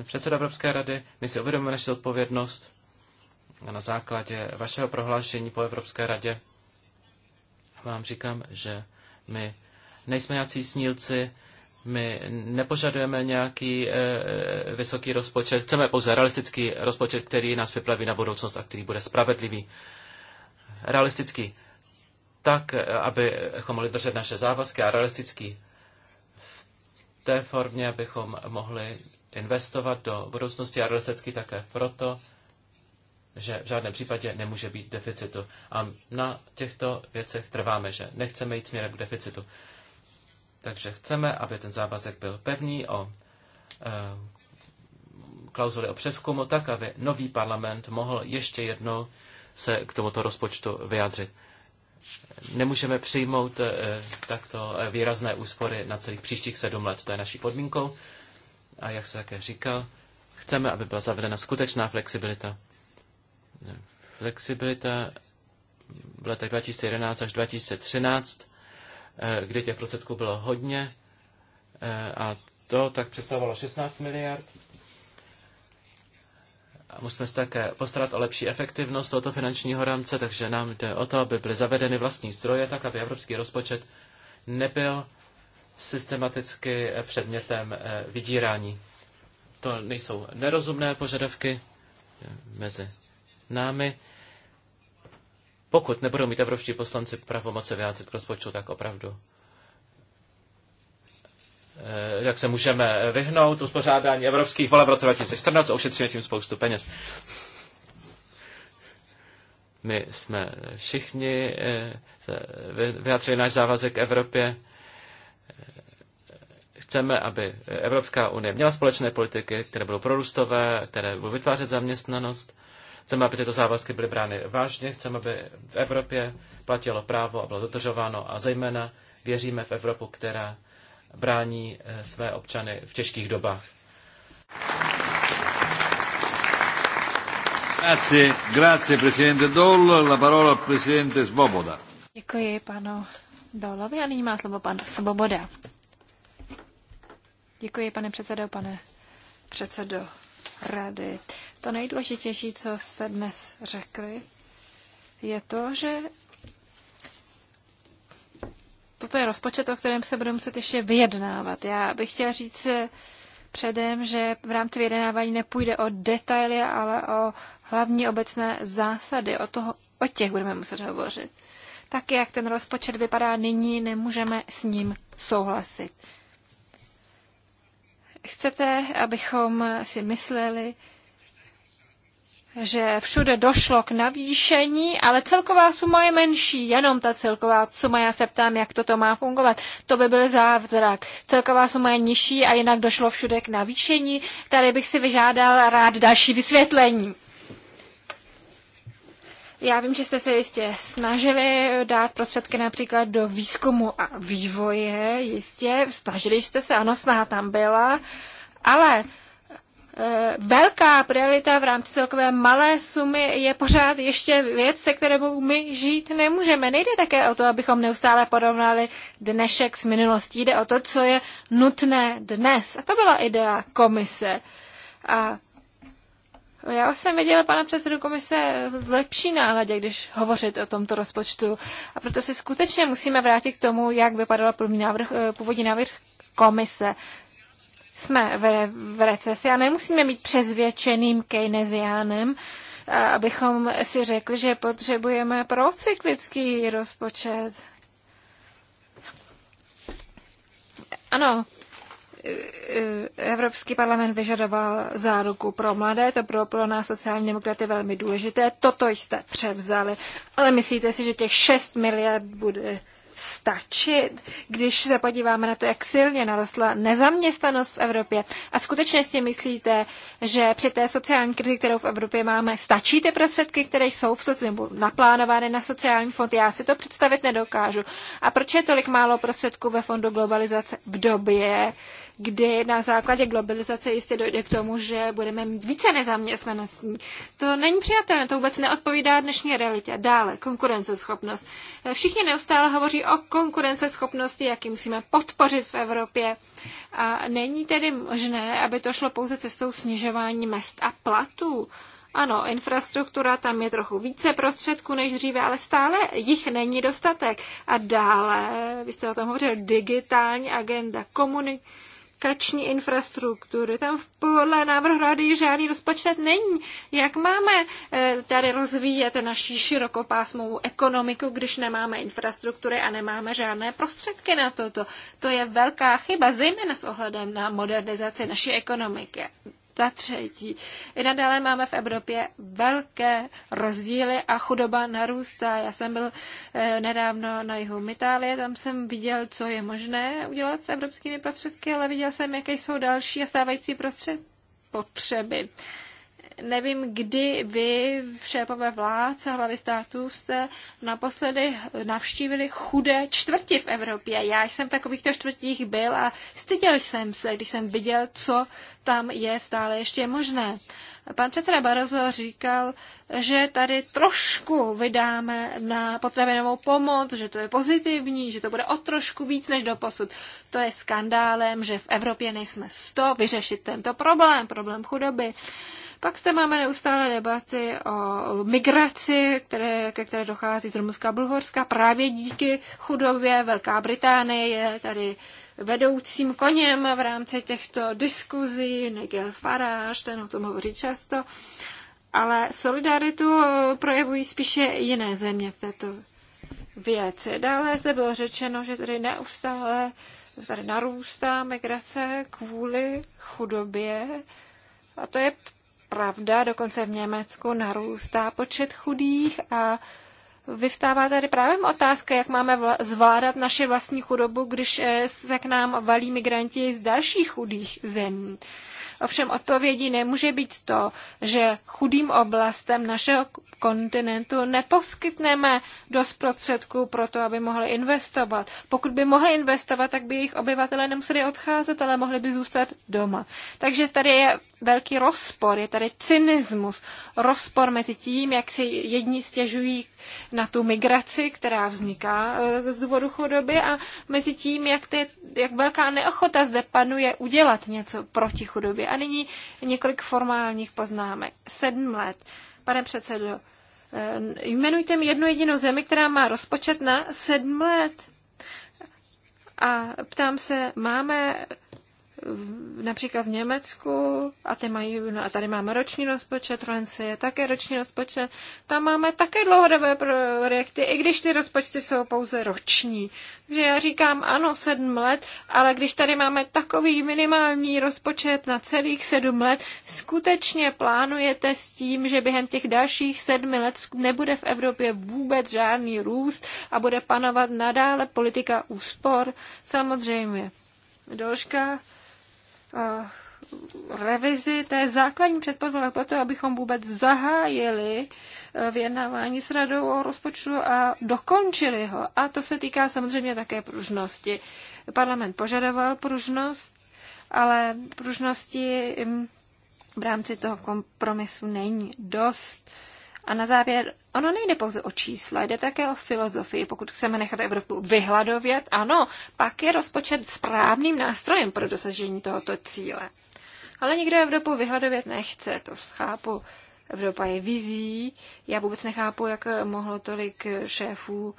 C: Předseda Evropské rady, my si uvědomujeme naši odpovědnost na základě vašeho prohlášení po Evropské radě vám říkám, že my nejsme nějací snílci, my nepožadujeme nějaký e, vysoký rozpočet, chceme pouze realistický rozpočet, který nás vyplaví na budoucnost a který bude spravedlivý. Realistický tak, eh, abychom mohli držet naše závazky a realistický v té formě, abychom mohli investovat do budoucnosti a realistický také proto, že v žádném případě nemůže být deficitu. A na těchto věcech trváme, že nechceme jít směrem k deficitu. Takže chceme, aby ten závazek byl pevný o e, klauzuli o přeskumu, tak aby nový parlament mohl ještě jednou se k tomuto rozpočtu vyjádřit. Nemůžeme přijmout e, takto eh, výrazné úspory na celých příštích sedm let. To je naší podmínkou. A jak se také říkal, chceme, aby byla zavedena skutečná flexibilita Flexibilita v letech 2011 až 2013, eh, kdy těch prostředků bylo hodně eh, a to tak představovalo 16 miliard. A musíme se také postarat o lepší efektivnost tohoto finančního rámce, takže nám jde o to, aby byly zavedeny vlastní zdroje, tak aby evropský rozpočet nebyl systematicky eh, předmětem vydírání. To nejsou nerozumné požadavky mezi námi. Pokud nebudou mít evropští poslanci pravomoce vyjádřit k rozpočtu, tak opravdu eh, jak se můžeme vyhnout uspořádání evropských voleb v roce 2014 a ušetříme tím spoustu peněz. My jsme všichni eh, vyjádřili náš závazek Evropě. Eh, chceme, aby Evropská unie měla společné politiky, které budou prorůstové, které budou vytvářet zaměstnanost. Chceme, aby tyto závazky byly brány vážně, chceme, aby v Evropě platilo právo a bylo dodržováno a zejména věříme v Evropu, která brání eh, své občany v těžkých dobách.
A: Grazie, grazie presidente Doll. La parola al presidente Svoboda.
B: Děkuji panu Dolovi a nyní má slovo pan Svoboda. Děkuji, pane předsedo, pane předsedo rady. To nejdůležitější, co jste dnes řekli, je to, že toto je rozpočet, o kterém se budeme muset ještě vyjednávat. Já bych chtěla říct předem, že v rámci vyjednávání nepůjde o detaily, ale o hlavní obecné zásady. O, toho, o těch budeme muset hovořit. Tak, jak ten rozpočet vypadá nyní, nemůžeme s ním souhlasit. Chcete, abychom si mysleli, že všude došlo k navýšení, ale celková suma je menší, jenom ta celková suma, já se ptám, jak toto má fungovat, to by byl závzrak. Celková suma je nižší a jinak došlo všude k navýšení, tady bych si vyžádal rád další vysvětlení. Já vím, že jste se jistě snažili dát prostředky například do výzkumu a vývoje, jistě, snažili jste se, ano, snaha tam byla, ale Eh, velká priorita v rámci celkové malé sumy je pořád ještě věc, se kterou my žít nemůžeme. Nejde také o to, abychom neustále porovnali dnešek s minulostí. Jde o to, co je nutné dnes. A to byla idea komise. A já jsem viděla pana předsedu komise v lepší náladě, když hovořit o tomto rozpočtu. A proto se skutečně musíme vrátit k tomu, jak vypadal eh, původní návrh komise jsme v, v recesi a nemusíme být přezvědčeným Keynesiánem, abychom si řekli, že potřebujeme procyklický rozpočet. Ano, Evropský parlament vyžadoval záruku pro mladé, to bylo pro nás sociální demokraty velmi důležité, toto jste převzali, ale myslíte si, že těch 6 miliard bude stačit, když se podíváme na to, jak silně narostla nezaměstnanost v Evropě. A skutečně si myslíte, že při té sociální krizi, kterou v Evropě máme, stačí ty prostředky, které jsou v nebo naplánovány na sociální fond? Já si to představit nedokážu. A proč je tolik málo prostředků ve fondu globalizace v době, kdy na základě globalizace jistě dojde k tomu, že budeme mít více nezaměstnaností. To není přijatelné, to vůbec neodpovídá dnešní realitě. Dále, konkurenceschopnost. Všichni neustále hovoří o konkurenceschopnosti, jaký musíme podpořit v Evropě. A není tedy možné, aby to šlo pouze cestou snižování mest a platů. Ano, infrastruktura, tam je trochu více prostředků než dříve, ale stále jich není dostatek. A dále, vy jste o tom hovořil, digitální agenda, komunikace komunikační infrastruktury. Tam podle návrhu rady žádný rozpočet není. Jak máme eh, tady rozvíjet naší širokopásmovou ekonomiku, když nemáme infrastruktury a nemáme žádné prostředky na toto? To je velká chyba, zejména s ohledem na modernizaci naší ekonomiky ta třetí, i nadále máme v Evropě velké rozdíly a chudoba narůstá. Já jsem byl eh, nedávno na jihu Itálie, tam jsem viděl, co je možné udělat s evropskými prostředky, ale viděl jsem, jaké jsou další a stávající prostředky potřeby nevím, kdy vy, šépové vládce, hlavy států, jste naposledy navštívili chudé čtvrti v Evropě. Já jsem v takovýchto čtvrtích byl a styděl jsem se, když jsem viděl, co tam je stále ještě možné. Pan předseda Barozo říkal, že tady trošku vydáme na potravinovou pomoc, že to je pozitivní, že to bude o trošku víc než do posud. To je skandálem, že v Evropě nejsme sto vyřešit tento problém, problém chudoby. Pak zde máme neustále debaty o migraci, které, ke které dochází z Rumunska a Bulhorska. Právě díky chudobě Velká Británie je tady vedoucím koněm v rámci těchto diskuzí. Nigel Farage, ten o tom hovoří často. Ale solidaritu projevují spíše jiné země v této věci. Dále zde bylo řečeno, že tady neustále tady narůstá migrace kvůli chudobě. A to je pravda, dokonce v Německu narůstá počet chudých a Vyvstává tady právě otázka, jak máme zvládat naši vlastní chudobu, když eh, se k nám valí migranti z dalších chudých zemí. Ovšem odpovědí nemůže být to, že chudým oblastem našeho kontinentu neposkytneme dost prostředků pro to, aby mohli investovat. Pokud by mohli investovat, tak by jejich obyvatelé nemuseli odcházet, ale mohli by zůstat doma. Takže tady je velký rozpor, je tady cynismus, rozpor mezi tím, jak si jedni stěžují na tu migraci, která vzniká eh, z důvodu chudoby a mezi tím, jak, ty, jak velká neochota zde panuje udělat něco proti chudobě. A nyní několik formálních poznámek. Sedm let. Pane předsedo, eh, jmenujte mi jednu jedinou zemi, která má rozpočet na sedm let. A ptám se, máme například v Německu, a, ty mají, no a tady máme roční rozpočet, Francie také roční rozpočet, tam máme také dlouhodobé projekty, i když ty rozpočty jsou pouze roční. Takže já říkám, ano, sedm let, ale když tady máme takový minimální rozpočet na celých sedm let, skutečně plánujete s tím, že během těch dalších sedmi let nebude v Evropě vůbec žádný růst a bude panovat nadále politika úspor? Samozřejmě. Doložka Eh, revizi, to je základní předpoklad pro to, abychom vůbec zahájili eh, vyjednávání s radou o rozpočtu a dokončili ho. A to se týká samozřejmě také pružnosti. Parlament požadoval pružnost, ale pružnosti mm, v rámci toho kompromisu není dost. Uh, a na závěr, ono nejde pouze o čísla, jde také o filozofii. Pokud chceme nechat Evropu vyhladovět, ano, pak je rozpočet správným nástrojem pro dosažení tohoto cíle. Ale nikdo Evropu vyhladovět nechce, to chápu. Evropa je vizí. Já vůbec nechápu, jak mohlo tolik šéfů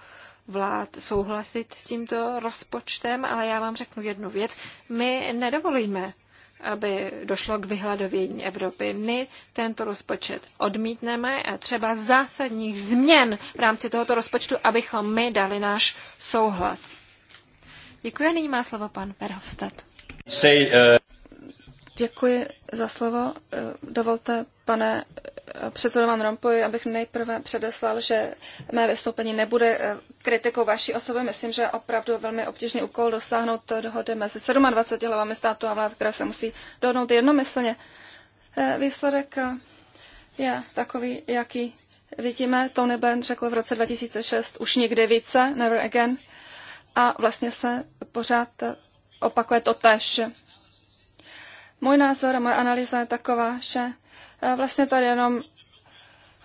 B: vlád souhlasit s tímto rozpočtem, ale já vám řeknu jednu věc. My nedovolíme aby došlo k vyhladovění Evropy. My tento rozpočet odmítneme a třeba zásadních změn v rámci tohoto rozpočtu, abychom my dali náš
D: souhlas. Děkuji a nyní má slovo pan Verhofstadt. Eh, Děkuji za slovo. Eh, dovolte, pane předsedu Van Rompuy, abych nejprve předeslal, že mé vystoupení nebude eh, kritikou vaší osoby. Myslím, že je opravdu velmi obtížný úkol dosáhnout dohody mezi 27 hlavami státu a vlád, které se musí dohodnout jednomyslně. Eh, výsledek eh, je takový, jaký vidíme. Tony Blair řekl v roce 2006 už nikdy více, never again. A vlastně se pořád opakuje to tež. Můj názor a moje analýza je taková, že vlastně tady jenom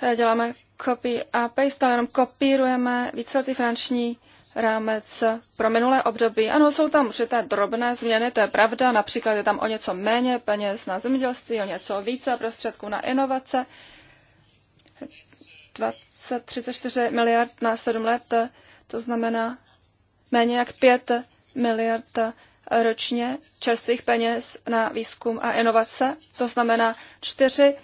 D: eh, děláme copy a paste, ale jenom kopírujeme víceletý finanční rámec pro minulé období. Ano, jsou tam určité drobné změny, to je pravda, například je tam o něco méně peněz na zemědělství, o něco více prostředků na inovace, 20, 34 miliard na 7 let, to znamená méně jak 5 miliard ročně čerstvých peněz na výzkum a inovace, to znamená 4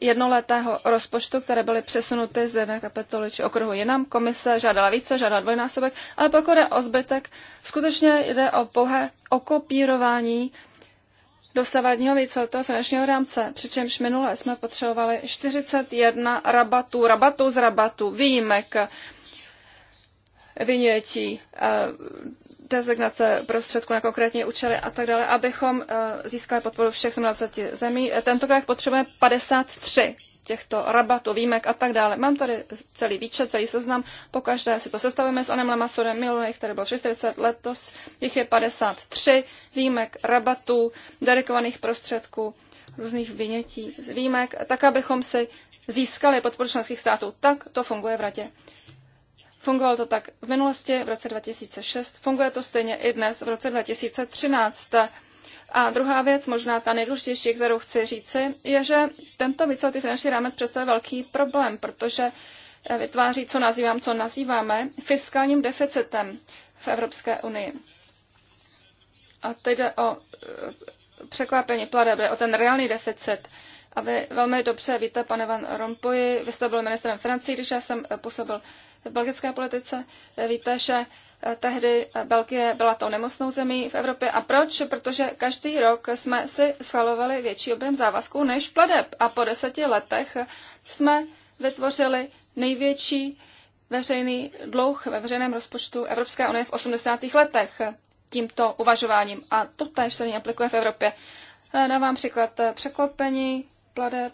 D: jednoletého rozpočtu, které byly přesunuty z jedné kapitoly či okruhu jinam. Komise žádala více, žádala dvojnásobek, ale pokud jde o zbytek, skutečně jde o pouhé okopírování více toho finančního rámce, přičemž minule jsme potřebovali 41 rabatů, rabatů z rabatů, výjimek, vynětí, eh, designace prostředků na konkrétní účely a tak dále, abychom eh, získali podporu všech 17 zemí. Eh, tentokrát potřebujeme 53 těchto rabatů, výjimek a tak dále. Mám tady celý výčet, celý seznam, pokaždé si to sestavíme s Anem Lamasurem Milunek, který byl 40 letos, jich je 53 výjimek, rabatů, dedikovaných prostředků, různých vynětí, výjimek, tak abychom si získali podporu členských států. Tak to funguje v Radě. Fungovalo to tak v minulosti, v roce 2006, funguje to stejně i dnes, v roce 2013. A druhá věc, možná ta nejdůležitější, kterou chci říci, je, že tento víceletý finanční rámec představuje velký problém, protože eh, vytváří, co nazývám, co nazýváme, fiskálním deficitem v Evropské unii. A teď jde o eh, překvapení pladeb, o ten reálný deficit. A vy velmi dobře víte, pane Van Rompuy, vy jste byl ministrem financí, když já jsem eh, působil v belgické politice. Víte, že eh, tehdy eh, Belgie byla tou nemocnou zemí v Evropě. A proč? Protože každý rok jsme si schvalovali větší objem závazků než pladeb. A po deseti letech jsme vytvořili největší veřejný dluh ve veřejném rozpočtu Evropské unie v 80. letech tímto uvažováním. A to též se aplikuje v Evropě. Eh, Dávám příklad překlopení pladeb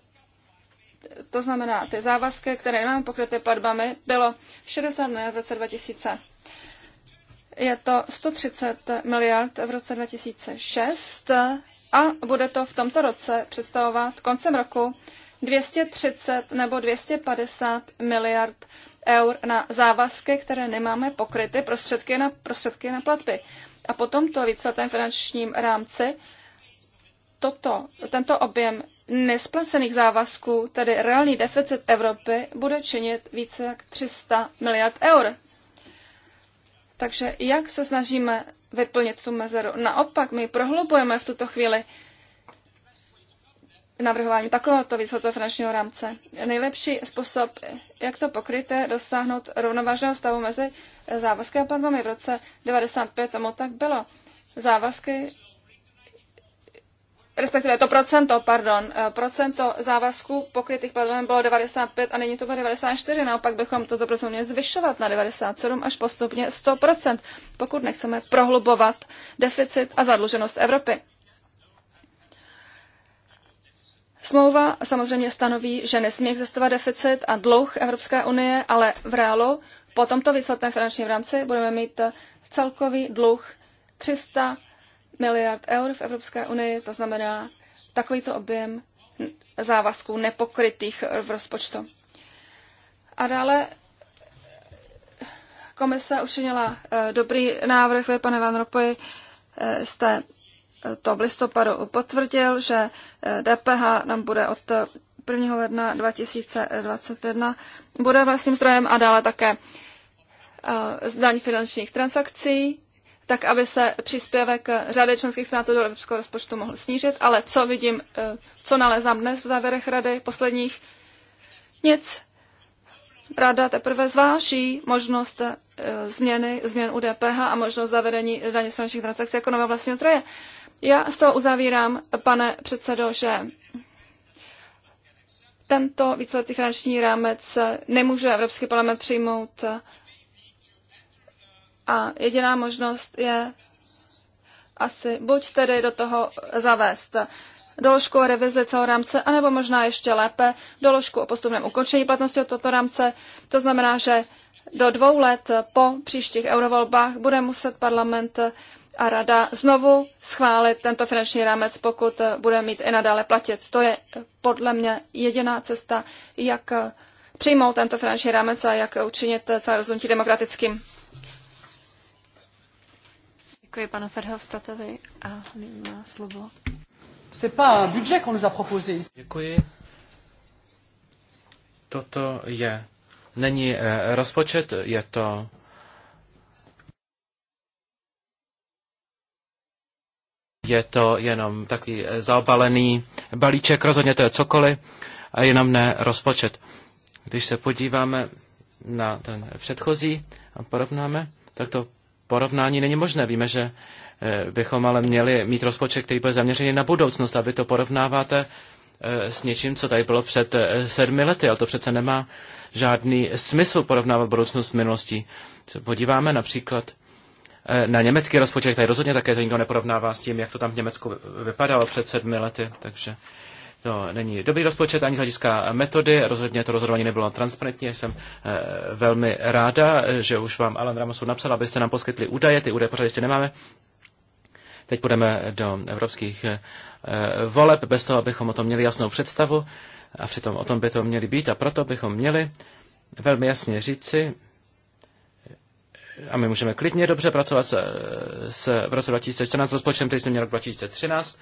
D: to znamená ty závazky, které nemáme pokryté platbami, bylo 60 miliard v roce 2000. Je to 130 miliard v roce 2006 a bude to v tomto roce představovat koncem roku 230 nebo 250 miliard eur na závazky, které nemáme pokryty, prostředky na, prostředky na platby. A po tomto víceletém finančním rámci toto, tento objem nesplacených závazků, tedy reálný deficit Evropy, bude činit více jak 300 miliard eur. Takže jak se snažíme vyplnit tu mezeru? Naopak, my prohlubujeme v tuto chvíli navrhování takovéhoto výsledku finančního rámce. Nejlepší způsob, jak to pokryte, dosáhnout rovnovážného stavu mezi závazky a platbami. V roce 95 tomu tak bylo. Závazky respektive to procento, pardon, eh, procento závazků pokrytých platbami bylo 95 a nyní to bude 94, naopak bychom toto procento měli zvyšovat na 97 až postupně 100%, pokud nechceme prohlubovat deficit a zadluženost Evropy. Smlouva samozřejmě stanoví, že nesmí existovat deficit a dluh Evropské unie, ale v reálu po tomto výsledném finančním rámci budeme mít celkový dluh 300 miliard eur v Evropské unii, to znamená takovýto objem závazků nepokrytých v rozpočtu. A dále komise učinila eh, dobrý návrh, vy, pane Van Ropoji, eh, jste to v listopadu potvrdil, že eh, DPH nám bude od 1. ledna 2021 bude vlastním zdrojem a dále také zdaň finančních transakcí tak aby se příspěvek řady členských států do evropského rozpočtu mohl snížit, ale co vidím, eh, co nalezám dnes v závěrech rady posledních, nic. Rada teprve zváží možnost eh, změny, změn u DPH a možnost zavedení daně z finančních transakcí jako nového vlastního troje. Já z toho uzavírám, pane předsedo, že tento víceletý finanční rámec nemůže Evropský parlament přijmout a jediná možnost je asi buď tedy do toho zavést doložku o revizi celého rámce, anebo možná ještě lépe doložku o postupném ukončení platnosti od toto rámce. To znamená, že do dvou let po příštích eurovolbách bude muset parlament a rada znovu schválit tento finanční rámec, pokud bude mít i nadále platit. To je podle mě jediná cesta, jak přijmout tento finanční rámec a jak učinit celé rozhodnutí demokratickým. Děkuji panu Ferhovstatovi a
B: nyní
C: má slovo. C'est pas un budget qu'on nous a proposé. Děkuji. Toto je, není eh, rozpočet, je to je to jenom takový eh, zaobalený balíček, rozhodně to je cokoliv, a jenom ne rozpočet. Když se podíváme na ten předchozí a porovnáme, tak to porovnání není možné. Víme, že eh, bychom ale měli mít rozpočet, který bude zaměřený na budoucnost, aby to porovnáváte eh, s něčím, co tady bylo před eh, sedmi lety, ale to přece nemá žádný smysl porovnávat budoucnost s minulostí. Podíváme například na německý rozpočet, tady rozhodně také to nikdo neporovnává s tím, jak to tam v Německu vypadalo před sedmi lety, takže to není dobrý rozpočet ani z hlediska metody, rozhodně to rozhodování nebylo transparentní. Jsem eh, velmi ráda, že už vám Alan Ramosu napsal, abyste nám poskytli údaje, ty údaje pořád ještě nemáme. Teď půjdeme do evropských eh, voleb, bez toho, abychom o tom měli jasnou představu a přitom o tom by to měli být a proto bychom měli velmi jasně říci, a my můžeme klidně dobře pracovat se, se v roce 2014 rozpočtem, který jsme měli rok 2013,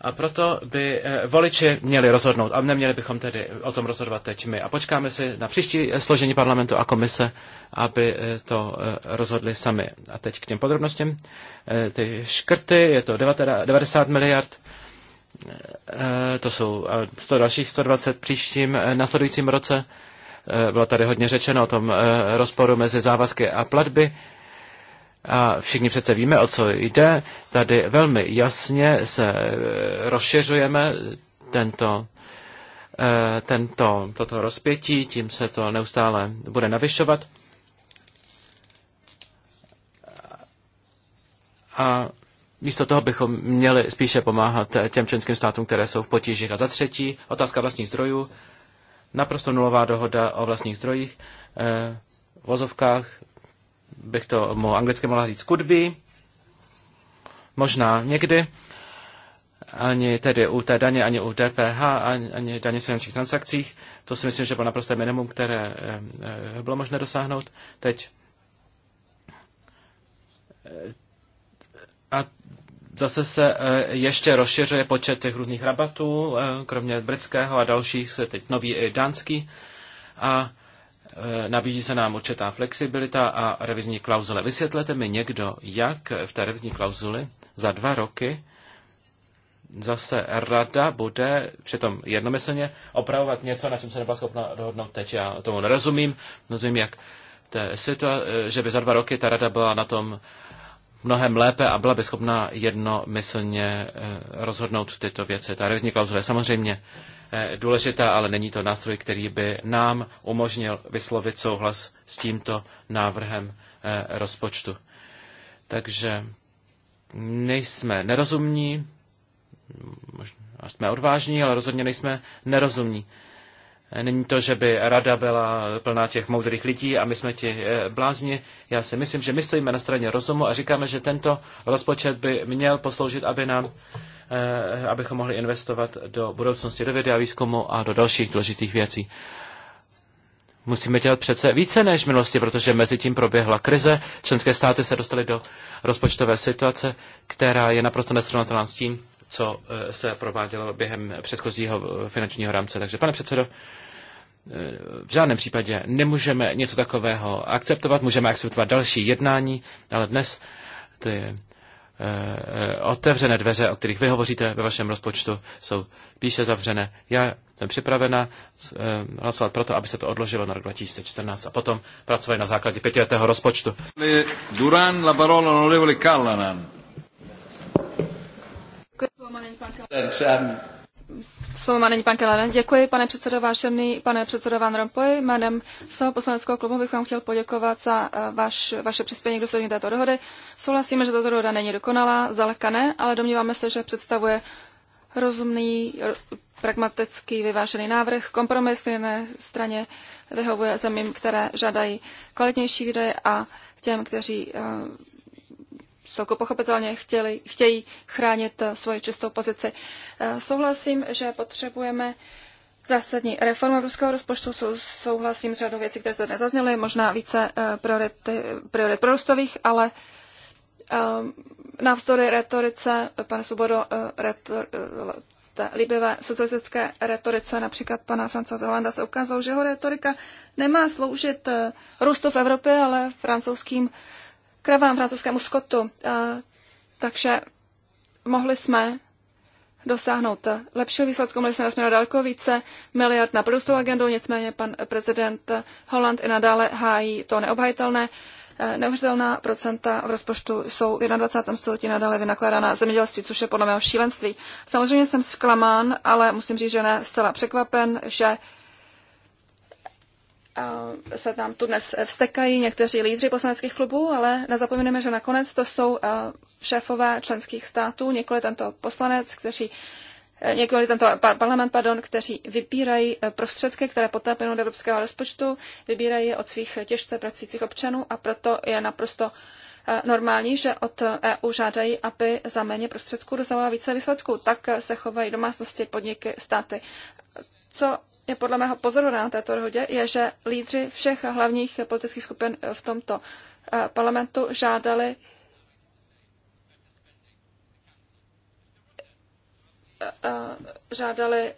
C: a proto by eh, voliči měli rozhodnout a neměli bychom tedy o tom rozhodovat teď my. A počkáme si na příští eh, složení parlamentu a komise, aby eh, to rozhodli sami. A teď k těm podrobnostem. Ty škrty, je to 90 miliard, to jsou to dalších 120 příštím následujícím roce. Bylo tady hodně řečeno o tom rozporu mezi závazky a platby a všichni přece víme, o co jde. Tady velmi jasně se e, rozšiřujeme tento, e, tento, toto rozpětí, tím se to neustále bude navyšovat. A místo toho bychom měli spíše pomáhat těm členským státům, které jsou v potížích. A za třetí, otázka vlastních zdrojů. Naprosto nulová dohoda o vlastních zdrojích, e, vozovkách, bych to mohl anglicky mohla říct could be, možná někdy, ani tedy u té daně, ani u DPH, ani, ani daně z finančních transakcích. To si myslím, že bylo naprosté minimum, které e, bylo možné dosáhnout. Teď eh, a zase se ještě rozšiřuje počet těch různých rabatů, kromě britského a dalších se teď nový i dánský. A Eh, nabízí se nám určitá flexibilita a revizní klauzule. Vysvětlete mi někdo, jak v té revizní klauzuli za dva roky zase rada bude přitom jednomyslně opravovat něco, na čem se nebyla schopna dohodnout teď. Já tomu nerozumím, rozumím, jak té situa- eh, že by za dva roky ta rada byla na tom mnohem lépe a byla by schopná jednomyslně eh, rozhodnout tyto věci. Ta revizní klauzule samozřejmě Eh, důležitá, ale není to nástroj, který by nám umožnil vyslovit souhlas s tímto návrhem eh, rozpočtu. Takže nejsme nerozumní, možná jsme odvážní, ale rozhodně nejsme nerozumní. Eh, není to, že by rada byla plná těch moudrých lidí a my jsme ti blázni. Já si myslím, že my stojíme na straně rozumu a říkáme, že tento rozpočet by měl posloužit, aby nám Eh, abychom mohli investovat do budoucnosti, do vědy a výzkumu a do dalších důležitých věcí. Musíme dělat přece více než v minulosti, protože mezi tím proběhla krize, členské státy se dostaly do rozpočtové situace, která je naprosto nesrovnatelná s tím, co eh, se provádělo během předchozího eh, finančního rámce. Takže pane předsedo, v žádném případě nemůžeme něco takového akceptovat, můžeme akceptovat další jednání, ale dnes ty Eh, eh, otevřené dveře, o kterých vy hovoříte ve vašem rozpočtu, jsou píše zavřené. Já jsem připravena eh, hlasovat proto, aby se to odložilo na rok 2014 a potom pracovat na základě pětiletého rozpočtu. Duran, la parola onorevole Callanan.
D: Slovo má není pan Kelaren. Děkuji, pane předsedo, Vášený, pane předsedo Van Rompuy. Jménem svého poslaneckého klubu bych vám chtěl poděkovat za eh, vaš, vaše přispění k dosažení této dohody. Souhlasíme, že tato dohoda není dokonalá, zdaleka ne, ale domníváme se, že představuje rozumný, pragmatický, vyvážený návrh, kompromis, který na straně vyhovuje zemím, které žádají kvalitnější výdaje a těm, kteří eh, celku pochopitelně chtěli, chtějí chránit eh, svoji čistou pozici. Eh, souhlasím, že potřebujeme zásadní reformu ruského rozpočtu. Souhlasím s řadou věcí, které zde nezazněly, možná více eh, priorit, priorit prorůstových, ale navzdory retorice, pane Subodo, retor, té líbivé socialistické retorice například pana Francoise Holanda se ukázalo, že jeho retorika nemá sloužit růstu v Evropě, ale francouzským kravám, francouzskému skotu. Eh, takže mohli jsme dosáhnout lepšího výsledku, mohli jsme nasměrovat daleko více miliard na produktovou agendu, nicméně pan prezident Holland i nadále hájí to neobhajitelné. Eh, neuvěřitelná procenta v rozpočtu jsou v 21. století nadále vynakládána zemědělství, což je podle mého šílenství. Samozřejmě jsem zklamán, ale musím říct, že ne zcela překvapen, že se tam tu dnes vstekají někteří lídři poslaneckých klubů, ale nezapomeneme, že nakonec to jsou šéfové členských států, několik tento poslanec, kteří e, Několik tento parlament, pardon, kteří vypírají e, prostředky, které poté plynou do evropského rozpočtu, vybírají je od svých těžce pracujících občanů a proto je naprosto e, normální, že od EU žádají, aby za méně prostředků dosahovala více výsledků. Tak se chovají domácnosti, podniky, státy. Co je vlastně podle mého pozorování na této dohodě, je, že lídři všech hlavních politických skupin v tomto eh, parlamentu žádali eh, eh, žádali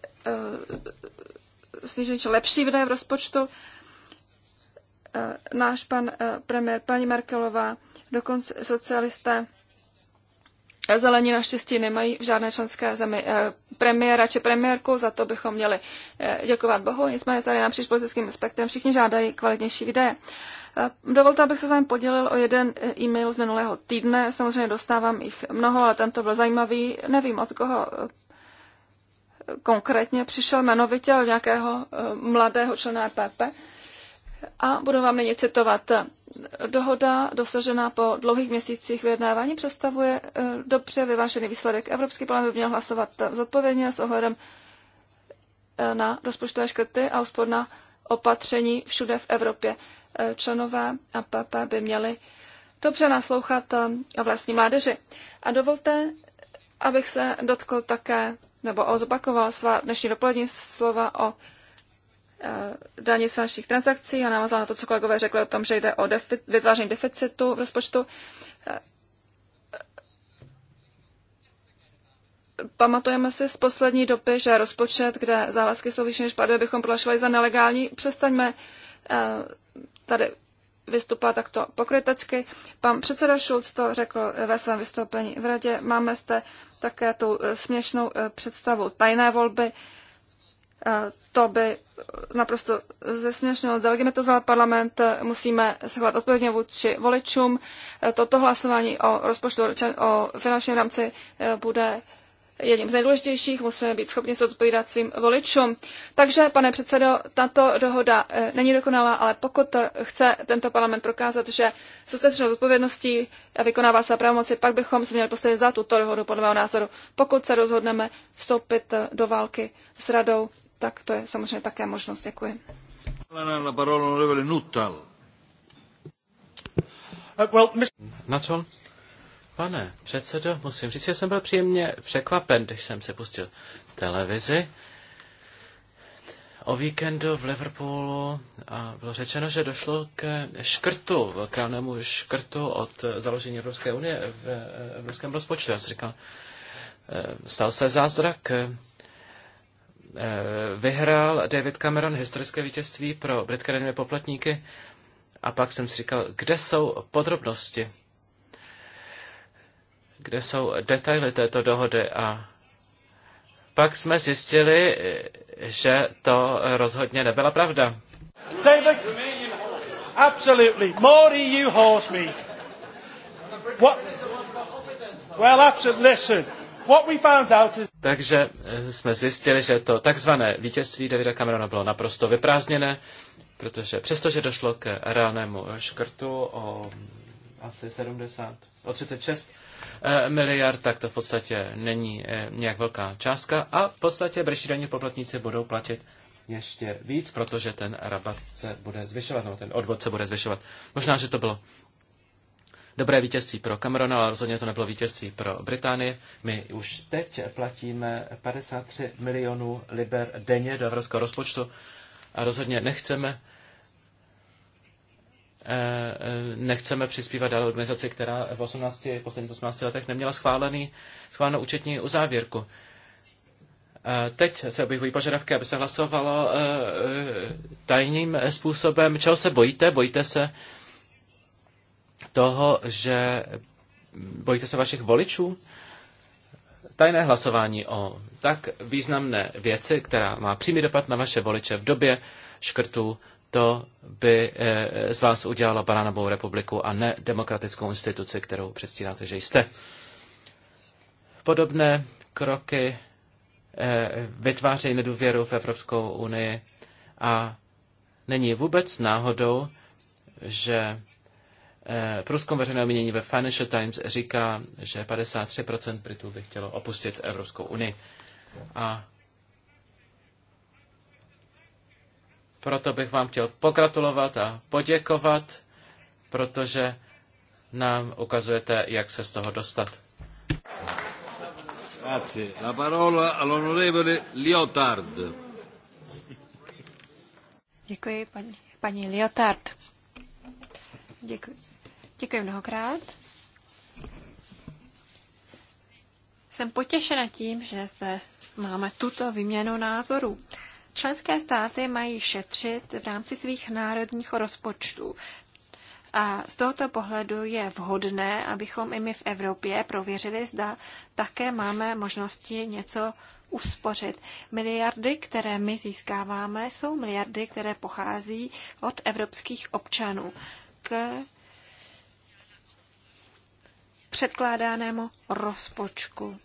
D: snížení či lepší výdaje v rozpočtu. Náš pan premiér, paní Merkelová, dokonce socialisté Zelení naštěstí nemají v žádné členské zemi eh, premiéra či premiérku, za to bychom měli eh, děkovat Bohu. Nicméně tady napříč politickým spektrem všichni žádají kvalitnější videa. Eh, dovolte, abych se s vámi podělil o jeden e-mail z minulého týdne. Samozřejmě dostávám jich mnoho, ale tento byl zajímavý. Nevím, od koho konkrétně přišel jmenovitě, od nějakého mladého člena PP e a budu vám nyní citovat. Dohoda dosažená po dlouhých měsících vyjednávání představuje eh, dobře vyvážený výsledek. Evropský parlament by měl hlasovat zodpovědně s ohledem eh, na rozpočtové škrty a úsporná opatření všude v Evropě. Eh, členové APP by měli dobře naslouchat vlastní mládeži. A dovolte, abych se dotkl také, nebo zopakoval svá dnešní dopolední slova o Eh, daně z finančních transakcí. a navázala na to, co kolegové řekli o tom, že jde o defi- vytváření deficitu v rozpočtu. Eh, pamatujeme si z poslední doby, že rozpočet, kde závazky jsou vyšší než padly, bychom prohlašovali za nelegální. Přestaňme eh, tady vystupovat takto pokrytecky. Pan předseda Schulz to řekl ve svém vystoupení v radě. Máme zde také tu směšnou představu tajné volby, to by naprosto zesměšnilo, delegitimizoval parlament, musíme se chovat odpovědně vůči voličům. Toto hlasování o rozpočtu, o finančním rámci eh, bude jedním z nejdůležitějších, musíme být schopni se odpovídat svým voličům. Takže, pane předsedo, tato dohoda eh, není dokonalá, ale pokud chce tento parlament prokázat, že s dostatečnou odpovědností vykonává své pravomoci, pak bychom se měli postavit za tuto dohodu, podle mého názoru, pokud se rozhodneme vstoupit do války s radou tak to je samozřejmě také možnost. Děkuji.
C: Uh, Pane předsedo, musím říct, že jsem byl příjemně překvapen, když jsem se pustil televizi o víkendu v Liverpoolu a bylo řečeno, že došlo k škrtu, velkému škrtu od založení Evropské unie v eh, evropském rozpočtu. Já jsem říkal, eh, stal se zázrak, eh, Eh, vyhrál David Cameron historické vítězství pro britské daňové poplatníky a pak jsem si říkal, kde jsou podrobnosti, kde jsou detaily této dohody a pak jsme zjistili, že to rozhodně nebyla pravda. David, absolutely, more EU horse meat. What? Well, absolutely, listen. Takže eh, jsme zjistili, že to takzvané vítězství Davida Camerona bylo naprosto vyprázdněné, protože přestože došlo k reálnému škrtu o asi 70, o 36 eh, miliard, tak to v podstatě není eh, nějak velká částka a v podstatě brští daní poplatníci budou platit ještě víc, protože ten rabat se bude zvyšovat, no, ten odvod se bude zvyšovat. Možná, že to bylo dobré vítězství pro Camerona, ale rozhodně to nebylo vítězství pro Británii. My už teď platíme 53 milionů liber denně do evropského rozpočtu a rozhodně nechceme eh, eh, nechceme přispívat dál organizaci, která v 18, posledních 18 letech neměla schválený, schválenou účetní uzávěrku. Eh, teď se objevují požadavky, aby se hlasovalo tajným způsobem. Čeho se bojíte? Bojíte se toho, že bojíte se vašich voličů? Tajné hlasování o tak významné věci, která má přímý dopad na vaše voliče v době škrtů, to by eh, z vás udělala banánovou republiku a ne demokratickou instituci, kterou předstíráte, že jste. Podobné kroky eh, vytvářejí nedůvěru v Evropskou unii a není vůbec náhodou, že Eh, průzkum veřejného mínění ve Financial Times říká, že 53% Britů by chtělo opustit Evropskou unii. A proto bych vám chtěl pogratulovat a poděkovat, protože nám ukazujete, jak se z toho dostat. Grazie. La parola all'onorevole Lyotard.
B: Děkuji, paní, paní Lyotard. Děkuji. Děkuji mnohokrát. Jsem potěšena tím, že zde máme tuto výměnu názorů. Členské státy mají šetřit v rámci svých národních rozpočtů. A z tohoto pohledu je vhodné, abychom i my v Evropě prověřili, zda také máme možnosti něco uspořit. Miliardy, které my získáváme, jsou miliardy, které pochází od evropských občanů. K předkládanému rozpočku.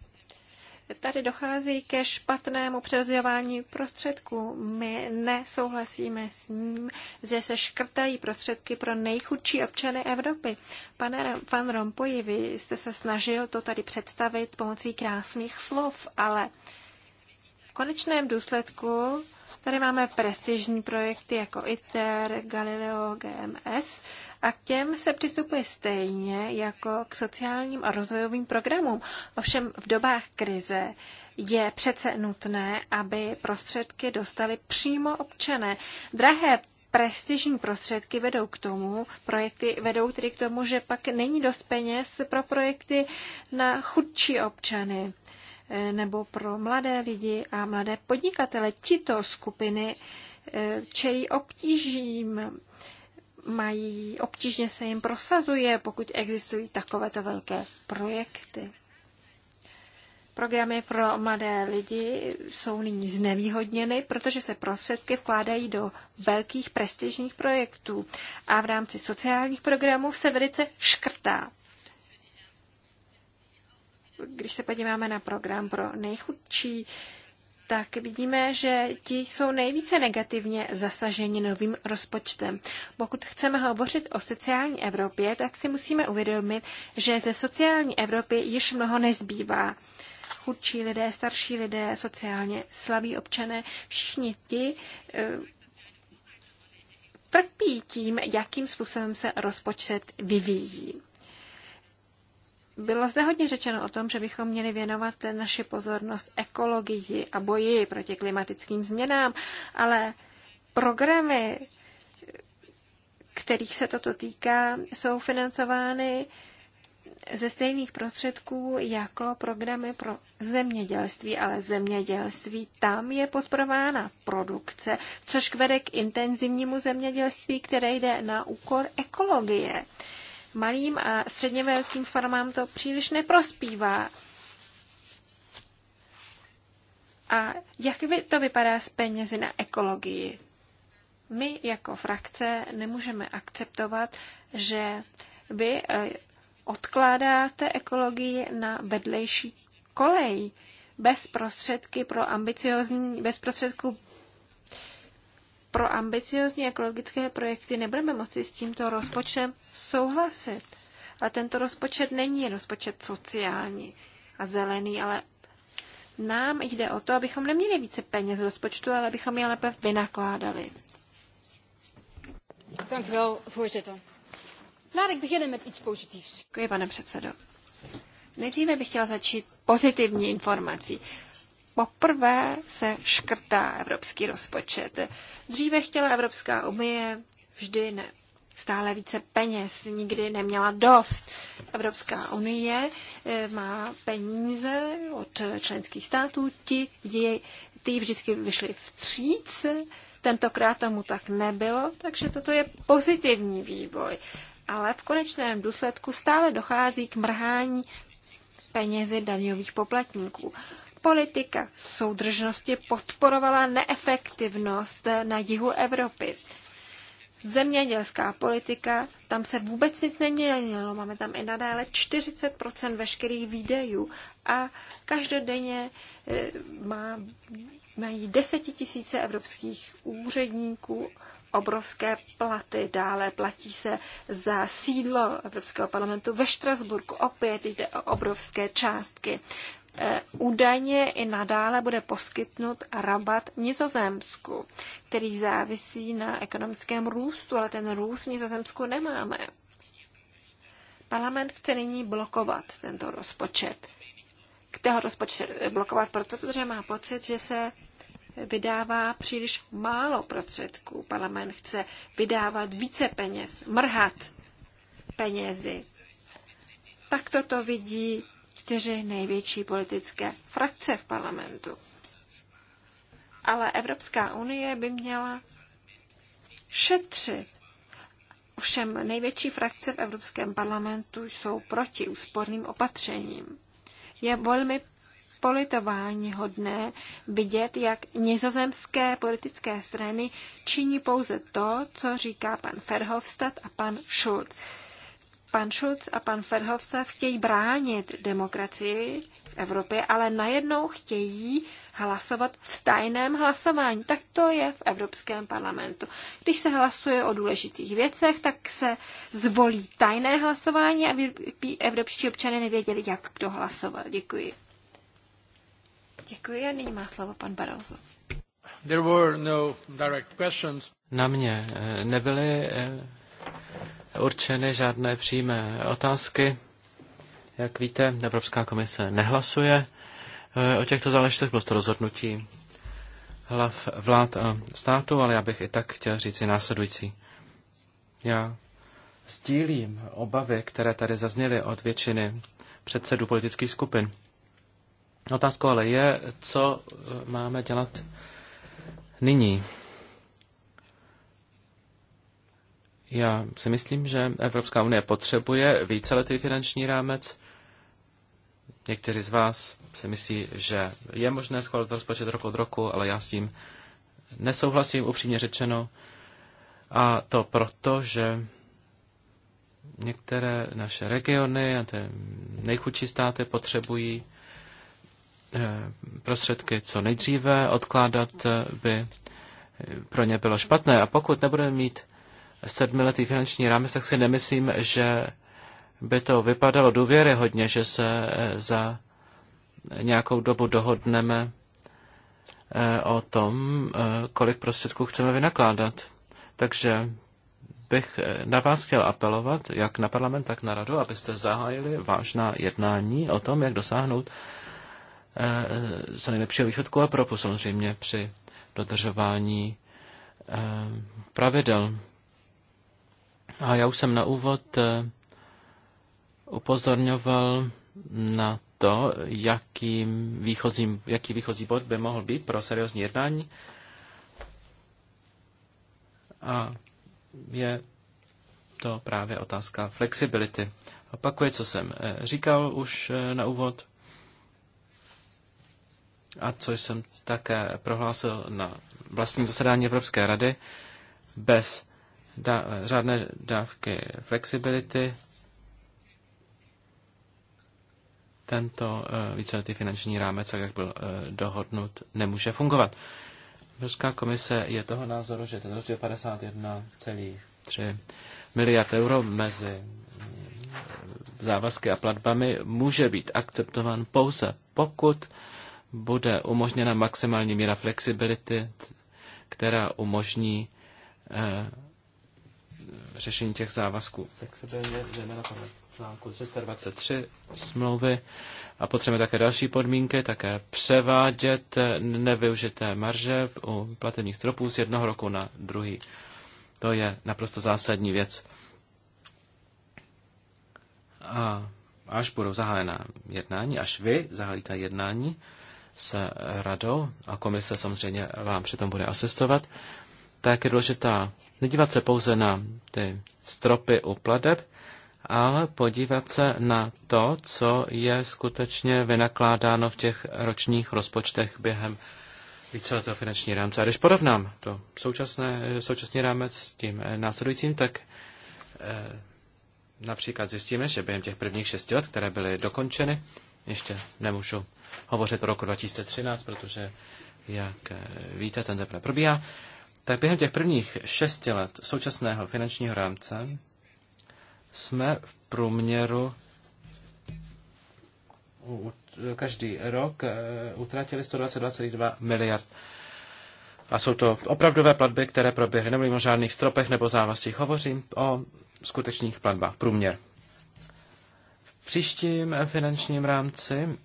B: Tady dochází ke špatnému přerozdělování prostředků. My nesouhlasíme s ním, že se škrtají prostředky pro nejchudší občany Evropy. Pane Van Rompuy, vy jste se snažil to tady představit pomocí krásných slov, ale v konečném důsledku Tady máme prestižní projekty jako ITER, Galileo, GMS a k těm se přistupuje stejně jako k sociálním a rozvojovým programům. Ovšem v dobách krize je přece nutné, aby prostředky dostali přímo občané. Drahé prestižní prostředky vedou k tomu, projekty vedou tedy k tomu, že pak není dost peněz pro projekty na chudší občany nebo pro mladé lidi a mladé podnikatele. Tito skupiny eh, čelí obtížím, mají, obtížně se jim prosazuje, pokud existují takovéto velké projekty. Programy pro mladé lidi jsou nyní znevýhodněny, protože se prostředky vkládají do velkých prestižních projektů a v rámci sociálních programů se velice škrtá když se podíváme na program pro nejchudší, tak vidíme, že ti jsou nejvíce negativně zasaženi novým rozpočtem. Pokud chceme hovořit o sociální Evropě, tak si musíme uvědomit, že ze sociální Evropy již mnoho nezbývá. Chudší lidé, starší lidé, sociálně slabí občané, všichni ti eh, trpí tím, jakým způsobem se rozpočet vyvíjí. Bylo zde hodně řečeno o tom, že bychom měli věnovat naši pozornost ekologii a boji proti klimatickým změnám, ale programy, kterých se toto týká, jsou financovány ze stejných prostředků jako programy pro zemědělství, ale zemědělství tam je podporována produkce, což vede k intenzivnímu zemědělství, které jde na úkor ekologie. Malým a středně velkým farmám to příliš neprospívá. A jak by to vypadá s penězi na ekologii? My jako frakce nemůžeme akceptovat, že vy eh, odkládáte ekologii na vedlejší kolej bez prostředky pro ambiciozní, bez prostředků pro ambiciozní ekologické projekty nebudeme moci s tímto rozpočtem souhlasit. A tento rozpočet není rozpočet sociální a zelený, ale nám jde o to, abychom neměli více peněz z rozpočtu, ale abychom je lépe vynakládali. Děkuji, pane předsedo. Nejdříve bych chtěla začít pozitivní informací poprvé se škrtá evropský rozpočet. Dříve chtěla Evropská unie vždy ne, stále více peněz, nikdy neměla dost. Evropská unie eh, má peníze od členských států, ti, ti, ty vždycky vyšly vstříc, tentokrát tomu tak nebylo, takže toto je pozitivní vývoj. Ale v konečném důsledku stále dochází k mrhání penězi daňových poplatníků politika soudržnosti podporovala neefektivnost na jihu Evropy. Zemědělská politika, tam se vůbec nic neměnilo. Máme tam i nadále 40 veškerých výdejů a každodenně e, má, mají desetitisíce evropských úředníků obrovské platy. Dále platí se za sídlo Evropského parlamentu ve Štrasburku. Opět jde o obrovské částky. Eh, údajně i nadále bude poskytnut rabat Nizozemsku, který závisí na ekonomickém růstu, ale ten růst v Nizozemsku nemáme. Parlament chce nyní blokovat tento rozpočet. K tého rozpočet blokovat proto, protože má pocit, že se vydává příliš málo prostředků. Parlament chce vydávat více peněz, mrhat penězi. Tak toto vidí čtyři největší politické frakce v parlamentu. Ale Evropská unie by měla šetřit. Ovšem největší frakce v Evropském parlamentu jsou proti úsporným opatřením. Je velmi politování hodné vidět, jak nizozemské politické strany činí pouze to, co říká pan Verhofstadt a pan Schulz pan Schulz a pan Ferhovce chtějí bránit demokracii v Evropě, ale najednou chtějí hlasovat v tajném hlasování. Tak to je v Evropském parlamentu. Když se hlasuje o důležitých věcech, tak se zvolí tajné hlasování, aby evropští občany nevěděli, jak kdo hlasoval. Děkuji. Děkuji a nyní má slovo pan Barroso.
C: There were no direct questions. Na mě eh, nebyly eh, určeny žádné přímé otázky. Jak víte, Evropská komise nehlasuje eh, o těchto záležitostech, bylo rozhodnutí hlav vlád a státu, ale já bych i tak chtěl říct následující. Já sdílím obavy, které tady zazněly od většiny předsedů politických skupin. Otázkou ale je, co eh, máme dělat nyní. Já si myslím, že Evropská unie potřebuje víceletý finanční rámec. Někteří z vás si myslí, že je možné schválit rozpočet rok od roku, ale já s tím nesouhlasím, upřímně řečeno. A to proto, že některé naše regiony a ty nejchudší státy potřebují eh, prostředky co nejdříve, odkládat eh, by pro ně bylo špatné. A pokud nebudeme mít sedmiletý finanční rámec, tak si nemyslím, že by to vypadalo důvěryhodně, že se eh, za nějakou dobu dohodneme eh, o tom, eh, kolik prostředků chceme vynakládat. Takže bych na vás chtěl apelovat, jak na parlament, tak na radu, abyste zahájili vážná jednání o tom, jak dosáhnout co nejlepšího výsledku a propu samozřejmě při dodržování pravidel. A já už jsem na úvod eh, upozorňoval na to, jaký výchozí, jaký výchozí bod by mohl být pro seriózní jednání. A je to právě otázka flexibility. Opakuje, co jsem eh, říkal už eh, na úvod a co jsem také prohlásil na vlastním zasedání Evropské rady. Bez da, řádné dávky flexibility. Tento eh, víceletý finanční rámec, tak jak byl eh, dohodnut, nemůže fungovat. Evropská komise je toho názoru, že ten rozdíl 51,3 miliard euro mezi mm, závazky a platbami může být akceptován pouze pokud bude umožněna maximální míra flexibility, která umožní eh, řešení těch závazků. Tak se budeme zejména na článku 323 smlouvy a potřebujeme také další podmínky, také převádět nevyužité marže u platebních stropů z jednoho roku na druhý. To je naprosto zásadní věc. A až budou zahájena jednání, až vy zahájíte jednání s radou a komise samozřejmě vám přitom bude asistovat, tak je důležitá nedívat se pouze na ty stropy u pladeb, ale podívat se na to, co je skutečně vynakládáno v těch ročních rozpočtech během víceletého finanční rámce. A když porovnám to současné, současný rámec s tím eh, následujícím, tak e, například zjistíme, že během těch prvních šesti let, které byly dokončeny, ještě nemůžu hovořit o roku 2013, protože, jak eh, víte, ten teprve probíhá, tak během těch prvních šesti let současného finančního rámce jsme v průměru každý rok eh, utratili 122,2 miliard. A jsou to opravdové platby, které proběhly. Nemluvím o žádných stropech nebo závazcích. Hovořím o skutečných platbách. Průměr. V příštím eh, finančním rámci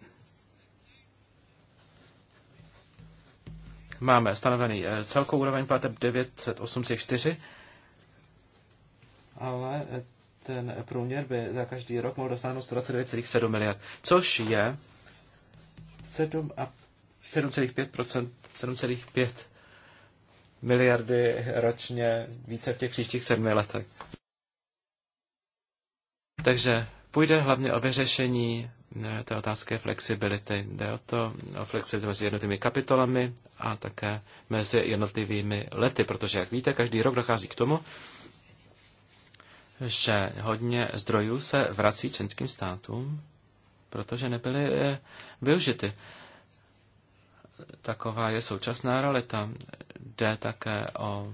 C: Máme stanovený eh, celkovou úroveň plateb 908,4, ale eh, ten průměr by za každý rok mohl dosáhnout 129,7 miliard, což je 7,5 7,5 miliardy ročně více v těch příštích sedmi letech. Takže půjde hlavně o vyřešení té otázky flexibility. Jde o to, o flexibilitu mezi jednotlivými kapitolami a také mezi jednotlivými lety, protože, jak víte, každý rok dochází k tomu, že hodně zdrojů se vrací členským státům, protože nebyly eh, využity. Taková je současná realita. Jde také o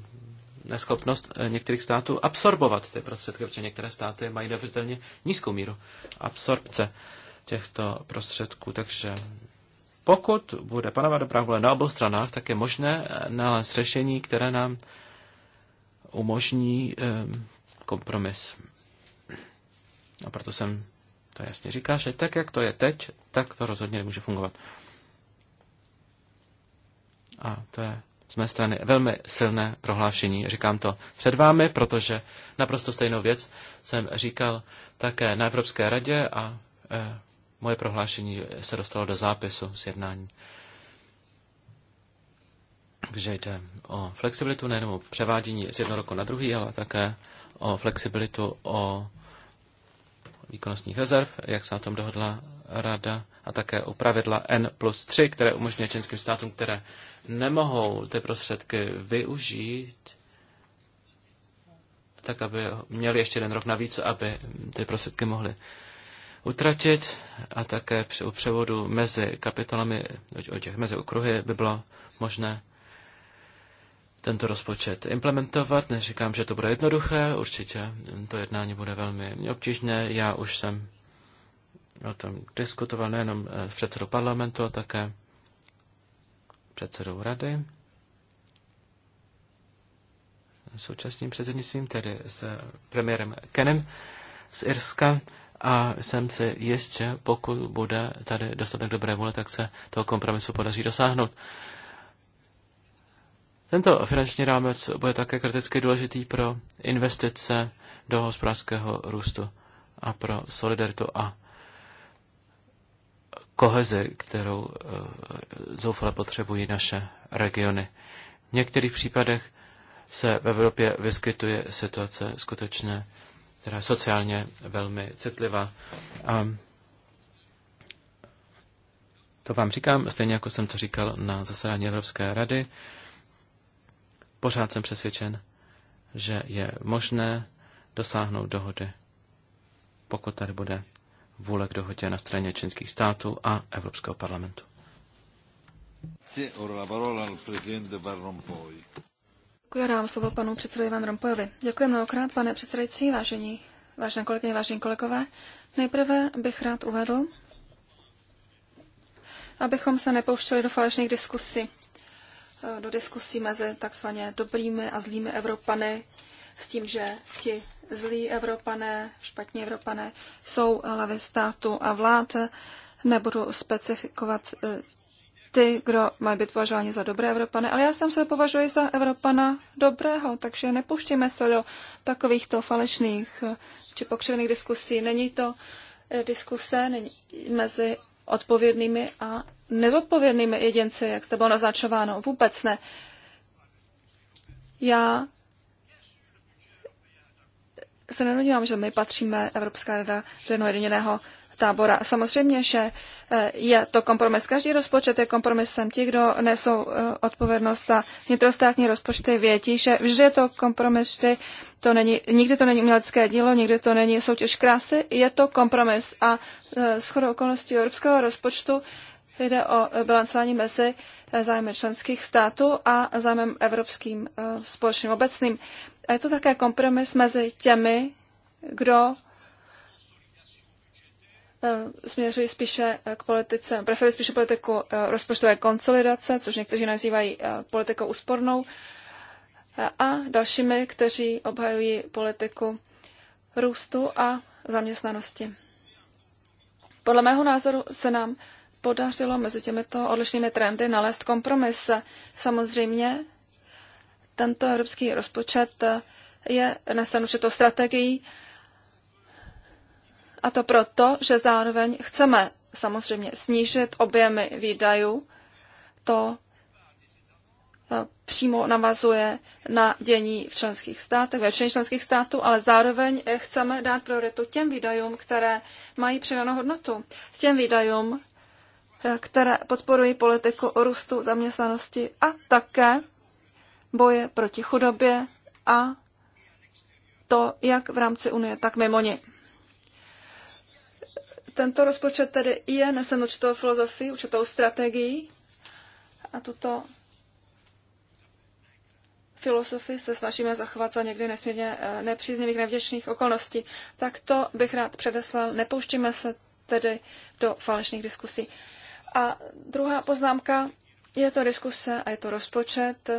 C: neschopnost eh, některých států absorbovat ty prostředky, protože některé státy mají nevřitelně nízkou míru absorpce těchto prostředků. Takže pokud bude panovat dobrá vůle na obou stranách, tak je možné nalézt řešení, které nám umožní kompromis. A proto jsem to jasně říká, že tak, jak to je teď, tak to rozhodně nemůže fungovat. A to je z mé strany velmi silné prohlášení. Říkám to před vámi, protože naprosto stejnou věc jsem říkal také na Evropské radě a eh, moje prohlášení se dostalo do zápisu z jednání. Takže jde o flexibilitu nejenom o převádění z jednoho roku na druhý, ale také o flexibilitu o výkonnostních rezerv, jak se na tom dohodla rada, a také o pravidla N plus 3, které umožňuje členským státům, které nemohou ty prostředky využít, tak aby měli ještě jeden rok navíc, aby ty prostředky mohly utratit a také při u převodu mezi kapitolami, o těch, mezi okruhy by bylo možné tento rozpočet implementovat. Neříkám, že to bude jednoduché, určitě to jednání bude velmi obtížné. Já už jsem o tom diskutoval nejenom eh, s předsedou parlamentu, a také předsedou rady. Současným předsednictvím, tedy s premiérem Kenem z Irska. A jsem si jist, že pokud bude tady dostatek dobré vůle, tak se toho kompromisu podaří dosáhnout. Tento finanční rámec bude také kriticky důležitý pro investice do hospodářského růstu a pro solidaritu a kohezi, kterou eh, zoufale potřebují naše regiony. V některých případech se v Evropě vyskytuje situace skutečně která je sociálně velmi citlivá. A to vám říkám, stejně jako jsem to říkal na zasedání Evropské rady. Pořád jsem přesvědčen, že je možné dosáhnout dohody, pokud tady bude vůle k dohodě na straně čínských států a Evropského parlamentu.
D: Děkuji, dám slovo panu předsedovi Van Rompojovi. Děkuji mnohokrát, pane předsedající, vážení, vážené kolegyně, vážení kolegové. Nejprve bych rád uvedl, abychom se nepouštěli do falešných diskusí, eh, do diskusí mezi takzvaně dobrými a zlými Evropany, s tím, že ti zlí Evropané, špatní Evropané jsou hlavy státu a vlád. Nebudu specifikovat eh, ty, kdo mají být považováni za dobré Evropany, ale já jsem se považuji za Evropana dobrého, takže nepuštíme se do takovýchto falešných eh, či pokřivených diskusí. Není to eh, diskuse není mezi odpovědnými a nezodpovědnými jedinci, jak jste bylo naznačováno. Vůbec ne. Já se nenudívám, že my patříme Evropská rada do jednoho jediného tábora. Samozřejmě, že eh, je to kompromis. Každý rozpočet je kompromisem. Ti, kdo nesou eh, odpovědnost za vnitrostátní rozpočty, vědí, že vždy je to kompromis, vždy to není, nikdy to není umělecké dílo, nikdy to není soutěž krásy, je to kompromis. A eh, shodou okolností evropského rozpočtu jde o balancování mezi zájmy členských států a zájmem evropským společným obecným. A je to také kompromis mezi těmi, kdo Eh, směřují spíše eh, k politice, spíše politiku eh, rozpočtové konsolidace, což někteří nazývají politikou úspornou, a dalšími, kteří obhajují politiku růstu a zaměstnanosti. Podle mého názoru se nám podařilo mezi těmito odlišnými trendy nalézt kompromis. Samozřejmě tento evropský rozpočet je na stranu určitou strategií, a to proto, že zároveň chceme samozřejmě snížit objemy výdajů. To e, přímo navazuje na dění v členských státech, většině členských států, ale zároveň e, chceme dát prioritu těm výdajům, které mají přidanou hodnotu. Těm výdajům, e, které podporují politiku o růstu zaměstnanosti a také boje proti chudobě a to jak v rámci Unie, tak mimo ně. Tento rozpočet tedy je nesen určitou filozofii, určitou strategií a tuto filozofii se snažíme zachovat za někdy nesmírně eh, nepříznivých, nevděčných okolností. Tak to bych rád předeslal. Nepouštíme se tedy do falešných diskusí. A druhá poznámka je to diskuse a je to rozpočet,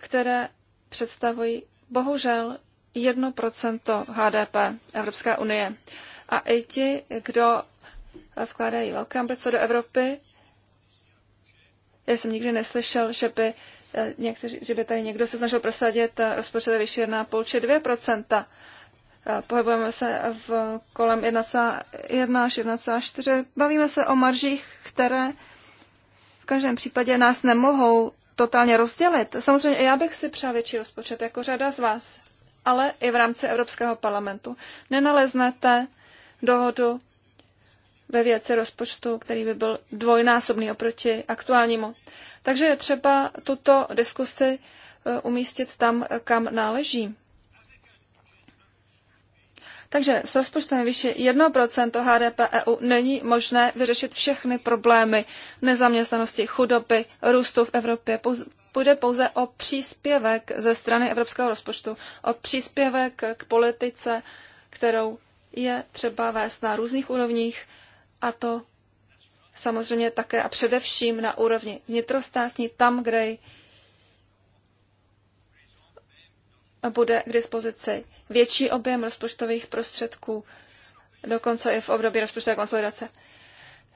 D: které představují bohužel 1% HDP Evropské unie a i ti, kdo vkládají velké ambice do Evropy. Já jsem nikdy neslyšel, že by, eh, někteří, že by tady někdo se snažil prosadit eh, rozpočet vyšší 1,5 či 2 eh, Pohybujeme se v kolem 1,1 až 1,4. Bavíme se o maržích, které v každém případě nás nemohou totálně rozdělit. Samozřejmě já bych si přál větší rozpočet, jako řada z vás, ale i v rámci Evropského parlamentu. Nenaleznete dohodu ve věci rozpočtu, který by byl dvojnásobný oproti aktuálnímu. Takže je třeba tuto diskusi eh, umístit tam, kam náleží. Takže s rozpočtem vyšší 1% HDP EU není možné vyřešit všechny problémy nezaměstnanosti, chudoby, růstu v Evropě. Půjde pouze o příspěvek ze strany evropského rozpočtu, o příspěvek k politice, kterou je třeba vést na různých úrovních a to samozřejmě také a především na úrovni vnitrostátní, tam, kde bude k dispozici větší objem rozpočtových prostředků, dokonce i v období rozpočtové konsolidace.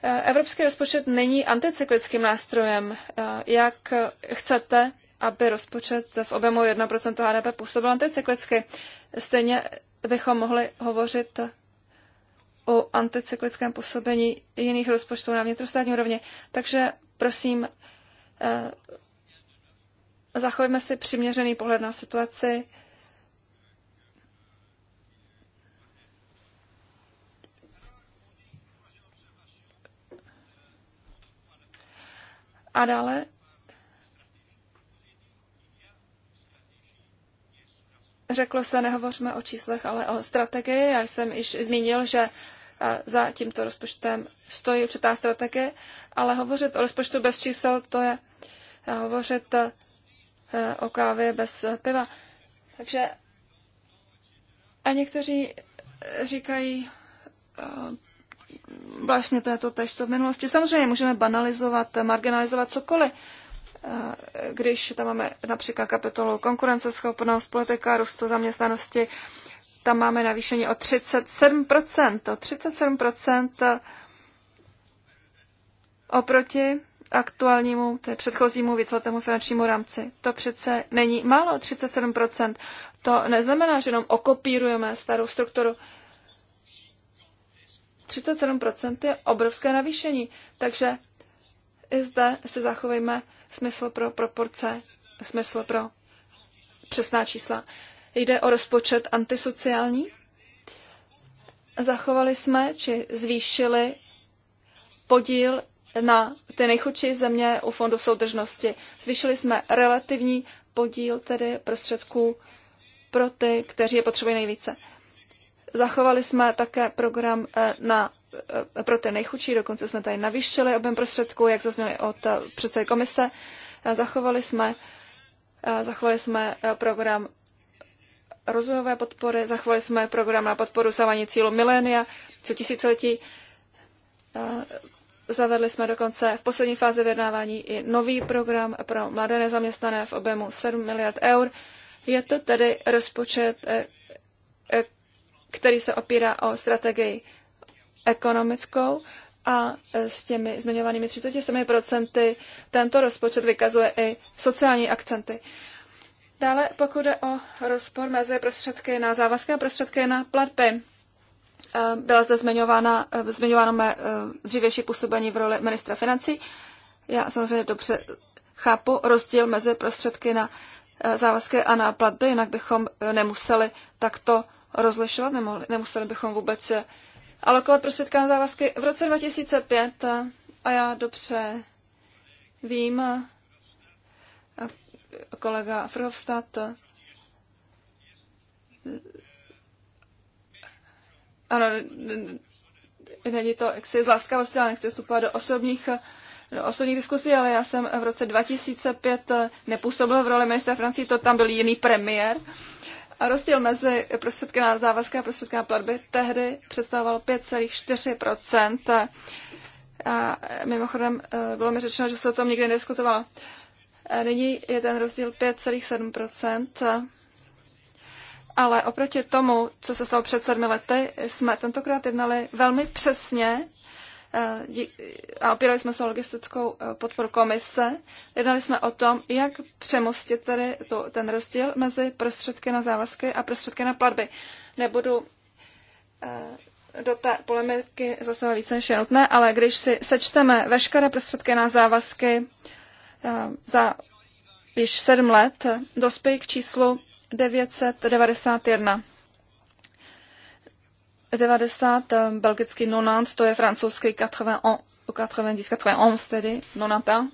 D: E, evropský rozpočet není anticyklickým nástrojem. E, jak chcete, aby rozpočet v objemu 1% HDP působil anticyklicky? Stejně bychom mohli hovořit o anticyklickém působení jiných rozpočtů na vnitrostátní úrovni. Takže prosím, eh, zachovíme si přiměřený pohled na situaci. A dále Řeklo se, nehovořme o číslech, ale o strategii. Já jsem již zmínil, že e, za tímto rozpočtem stojí určitá strategie, ale hovořit o rozpočtu bez čísel, to je e, hovořit e, o kávě bez piva. Takže a někteří říkají vlastně to je to tež, co v minulosti. Samozřejmě můžeme banalizovat, marginalizovat cokoliv, Eh, když tam máme například kapitolu konkurenceschopnost, politika růstu zaměstnanosti, tam máme navýšení o 37%, o 37% eh, oproti aktuálnímu, je předchozímu víceletému finančnímu rámci. To přece není málo, 37%. To neznamená, že jenom okopírujeme starou strukturu. 37% je obrovské navýšení, takže i zde si zachovejme smysl pro proporce, smysl pro přesná čísla. Jde o rozpočet antisociální. Zachovali jsme či zvýšili podíl na ty nejchudší země u Fondu soudržnosti. Zvýšili jsme relativní podíl tedy prostředků pro ty, kteří je potřebují nejvíce. Zachovali jsme také program eh, na Eh, pro ty nejchudší, dokonce jsme tady navýšili objem prostředků, jak zazněli od eh, předsedy komise. Eh, zachovali jsme, zachovali jsme program rozvojové podpory, zachovali jsme program na podporu savání cílu milénia, co tisíciletí. Zavedli jsme dokonce v poslední fázi vyjednávání i nový program pro mladé nezaměstnané v objemu 7 miliard eur. Je to tedy rozpočet, který se opírá o strategii ekonomickou a e, s těmi zmiňovanými 37% tento rozpočet vykazuje i sociální akcenty. Dále, pokud jde o rozpor mezi prostředky na závazky a prostředky na platby, e, byla zde zmiňována, e, zmiňováno mé dřívější působení v roli ministra financí. Já samozřejmě dobře chápu rozdíl mezi prostředky na závazky a na platby, jinak bychom nemuseli takto rozlišovat, nemuseli bychom vůbec alokovat prostředky na závazky v roce 2005 a já dobře vím, a kolega Frhovstad ano, není to jaksi z laskavosti, ale nechci vstupovat do osobních, do osobních diskusí, ale já jsem v roce 2005 nepůsobil v roli ministra Francie, to tam byl jiný premiér. A rozdíl mezi prostředky na závazky a prostředky na platby tehdy představoval 5,4 A mimochodem eh, bylo mi řečeno, že se o tom nikdy nediskutovalo. Eh, nyní je ten rozdíl 5,7 ale oproti tomu, co se stalo před sedmi lety, jsme tentokrát jednali velmi přesně Eh, a opírali jsme se o logistickou eh, podporu komise. Jednali jsme o tom, jak přemostit tedy to, ten rozdíl mezi prostředky na závazky a prostředky na platby. Nebudu eh, do té polemiky zase více než je nutné, ale když si sečteme veškeré prostředky na závazky za již sedm let, dospějí k číslu 991 90, eh, belgický nonant, to je francouzský 91, 90, tedy, nonanta.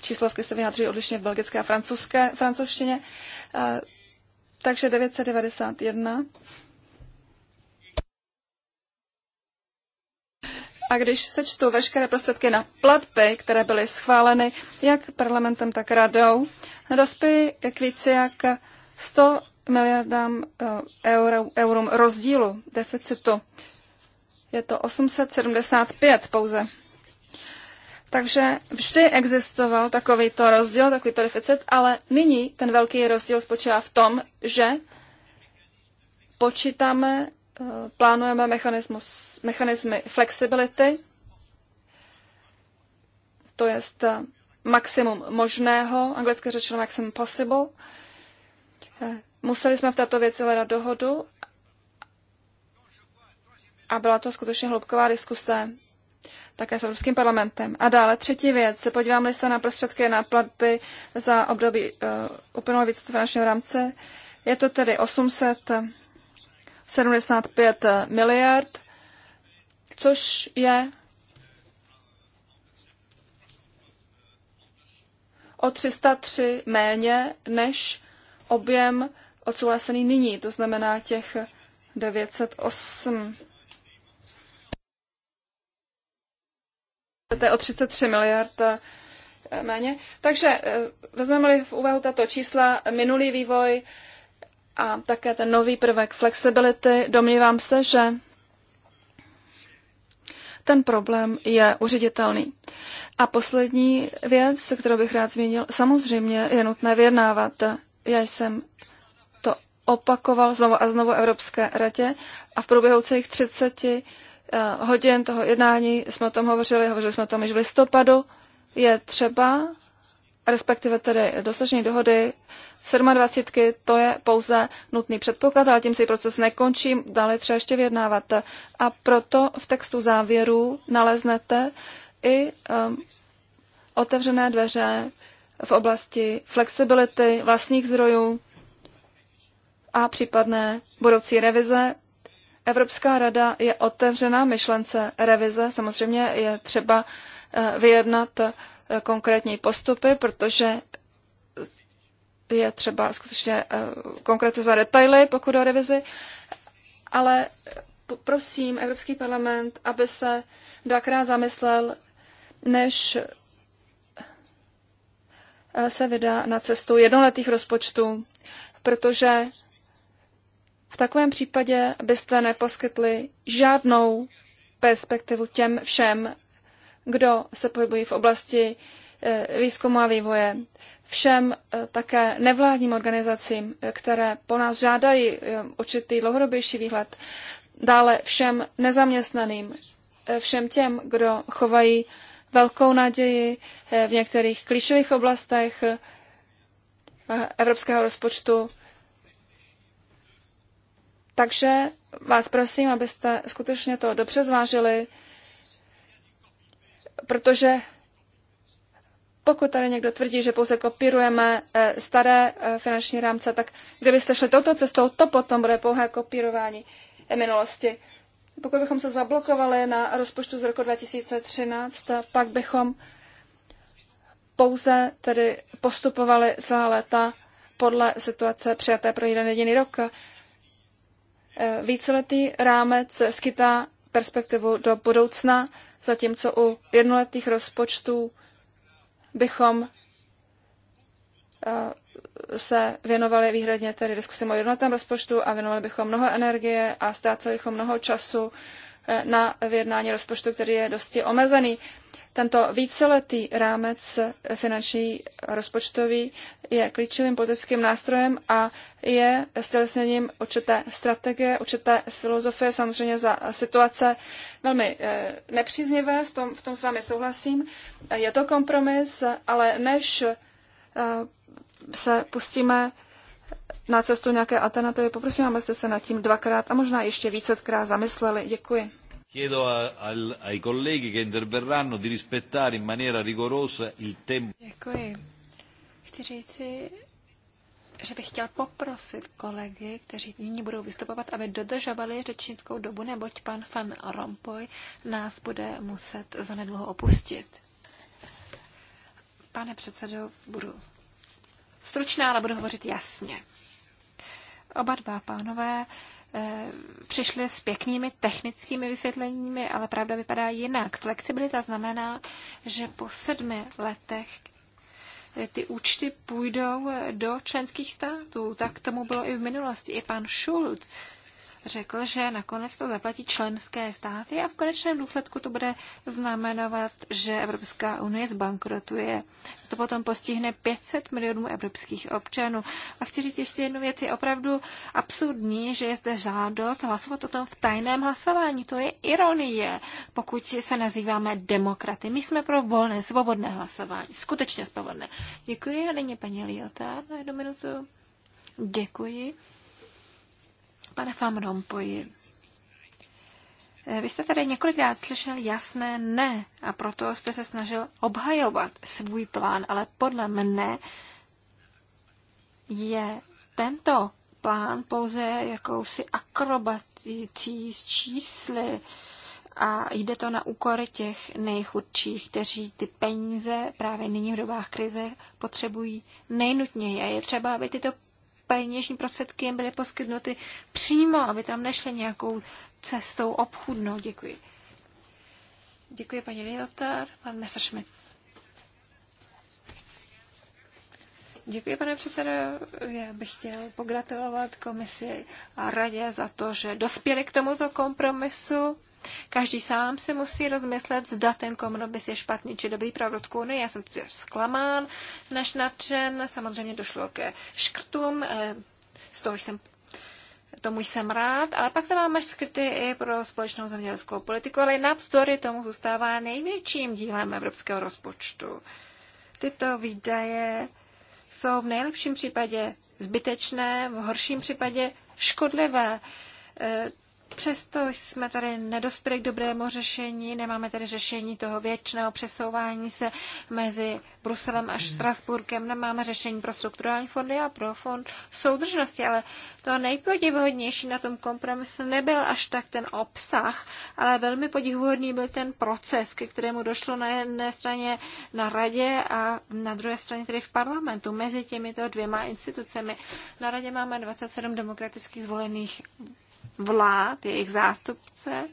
D: Číslovky se vyjadřují odlišně v belgické a francouzské, francouzštině. Eh, takže 991. A když sečtu veškeré prostředky na platby, které byly schváleny jak parlamentem, tak radou, dospěji k více jak 100 miliardám eh, eur, eurům rozdílu deficitu. Je to 875 pouze. Takže vždy existoval takovýto rozdíl, takovýto deficit, ale nyní ten velký rozdíl spočívá v tom, že počítáme, eh, plánujeme mechanismus, mechanismy flexibility, to je eh, maximum možného, anglicky řečeno maximum possible, Museli jsme v této věci hledat dohodu a byla to skutečně hloubková diskuse také s Evropským parlamentem. A dále třetí věc, podívám-li se na prostředky na platby za období uh, eh, úplného více finančního rámce, je to tedy 875 eh, miliard, což je o 303 méně než objem odsouhlasený nyní, to znamená těch 908. To je o 33 miliard eh, méně. Takže eh, vezmeme-li v úvahu tato čísla, minulý vývoj a také ten nový prvek flexibility, domnívám se, že ten problém je uředitelný. A poslední věc, kterou bych rád zmínil, samozřejmě je nutné vyjednávat. Já jsem opakoval znovu a znovu Evropské radě a v průběhu celých 30 eh, hodin toho jednání jsme o tom hovořili, hovořili jsme o tom již v listopadu, je třeba, respektive tedy dosažení dohody 27. to je pouze nutný předpoklad, ale tím si proces nekončí, dále třeba ještě vyjednávat. A proto v textu závěru naleznete i um, otevřené dveře v oblasti flexibility vlastních zdrojů, a případné budoucí revize. Evropská rada je otevřená myšlence revize. Samozřejmě je třeba eh, vyjednat eh, konkrétní postupy, protože je třeba skutečně eh, konkretizovat detaily, pokud o revizi, ale prosím Evropský parlament, aby se dvakrát zamyslel, než se vydá na cestu jednoletých rozpočtů, protože v takovém případě byste neposkytli žádnou perspektivu těm všem, kdo se pohybují v oblasti eh, výzkumu a vývoje, všem eh, také nevládním organizacím, eh, které po nás žádají určitý dlouhodobější výhled, dále všem nezaměstnaným, všem těm, kdo chovají velkou naději v některých klíčových oblastech evropského rozpočtu takže vás prosím, abyste skutečně to dobře zvážili, protože pokud tady někdo tvrdí, že pouze kopírujeme eh, staré eh, finanční rámce, tak kdybyste šli touto cestou, to potom bude pouhé kopírování minulosti. Pokud bychom se zablokovali na rozpočtu z roku 2013, pak bychom pouze tedy postupovali celá léta podle situace přijaté pro jeden jediný rok víceletý rámec skytá perspektivu do budoucna, zatímco u jednoletých rozpočtů bychom eh, se věnovali výhradně tedy diskusím o jednotném rozpočtu a věnovali bychom mnoho energie a ztráceli bychom mnoho času Eh, na vyjednání rozpočtu, který je dosti omezený. Tento víceletý rámec finanční rozpočtový je klíčovým politickým nástrojem a je stělesněním určité strategie, určité filozofie, samozřejmě za situace velmi eh, nepříznivé, v tom, v tom s vámi souhlasím. Je to kompromis, ale než eh, se pustíme na cestu nějaké alternativy. Poprosím, abyste se nad tím dvakrát a možná ještě vícekrát zamysleli. Děkuji.
A: Chiedo ai colleghi che interverranno di rispettare in maniera rigorosa il tempo. Děkuji.
D: Chci
B: říci, že bych chtěl poprosit kolegy, kteří nyní budou vystupovat, aby dodržovali řečnickou dobu, neboť pan Van Rompuy nás bude muset zanedlouho opustit. Pane předsedo, budu stručná, ale budu hovořit jasně. Oba dva pánové eh, přišli s pěknými technickými vysvětleními, ale pravda vypadá jinak. Flexibilita znamená, že po sedmi letech eh, ty účty půjdou do členských států. Tak tomu bylo i v minulosti. I pan Schulz řekl, že nakonec to zaplatí členské státy a v konečném důsledku to bude znamenovat, že Evropská unie zbankrotuje. To potom postihne 500 milionů evropských občanů. A chci říct ještě jednu věc, je opravdu absurdní, že je zde žádost hlasovat o tom v tajném hlasování. To je ironie, pokud se nazýváme demokraty. My jsme pro volné, svobodné hlasování. Skutečně svobodné. Děkuji a nyní paní Liotá na jednu minutu. Děkuji. Pane Van Rompuy, eh, vy jste tady několikrát slyšel jasné ne a proto jste se snažil obhajovat svůj plán, ale podle mne je tento plán pouze jakousi akrobatící z čísly a jde to na úkor těch nejchudších, kteří ty peníze právě nyní v dobách krize potřebují nejnutněji. A je třeba, aby tyto peněžní prostředky jim byly poskytnuty přímo, aby tam nešly nějakou cestou obchudnou. Děkuji. Děkuji paní Liotar, pan Messerschmidt. Děkuji, pane předsedo. Já bych chtěl pogratulovat komisi a radě za to, že dospěli k tomuto kompromisu. Každý sám se musí rozmyslet, zda ten kompromis je špatný či dobrý pro Evropskou unii. Já jsem zklamán, než nadšen. Samozřejmě došlo ke škrtům, eh, z toho jsem tomu jsem rád, ale pak se máme skryty i pro společnou zemědělskou politiku, ale navzdory tomu zůstává největším dílem evropského rozpočtu. Tyto výdaje jsou v nejlepším případě zbytečné, v horším případě škodlivé. Eh, Přesto jsme tady nedospěli k dobrému řešení, nemáme tady řešení toho věčného přesouvání se mezi Bruselem a Strasburkem, nemáme řešení pro strukturální fondy a pro fond soudržnosti, ale to nejpodivuhodnější na tom kompromisu nebyl až tak ten obsah, ale velmi podivuhodný byl ten proces, ke kterému došlo na jedné straně na radě a na druhé straně tedy v parlamentu, mezi těmito dvěma institucemi. Na radě máme 27 demokratických zvolených vlád, jejich zástupce,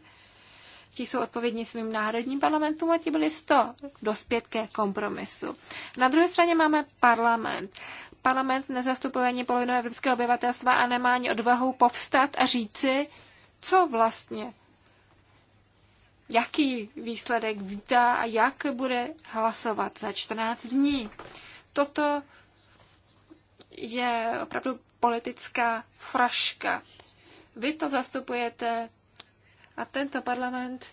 B: ti jsou odpovědní svým národním parlamentům a ti byli 100 dospět ke kompromisu. Na druhé straně máme parlament. Parlament nezastupuje ani polovinu evropského obyvatelstva a nemá ani odvahu povstat a říci, co vlastně, jaký výsledek vítá a jak bude hlasovat za 14 dní. Toto je opravdu politická fraška. Vy to zastupujete a tento parlament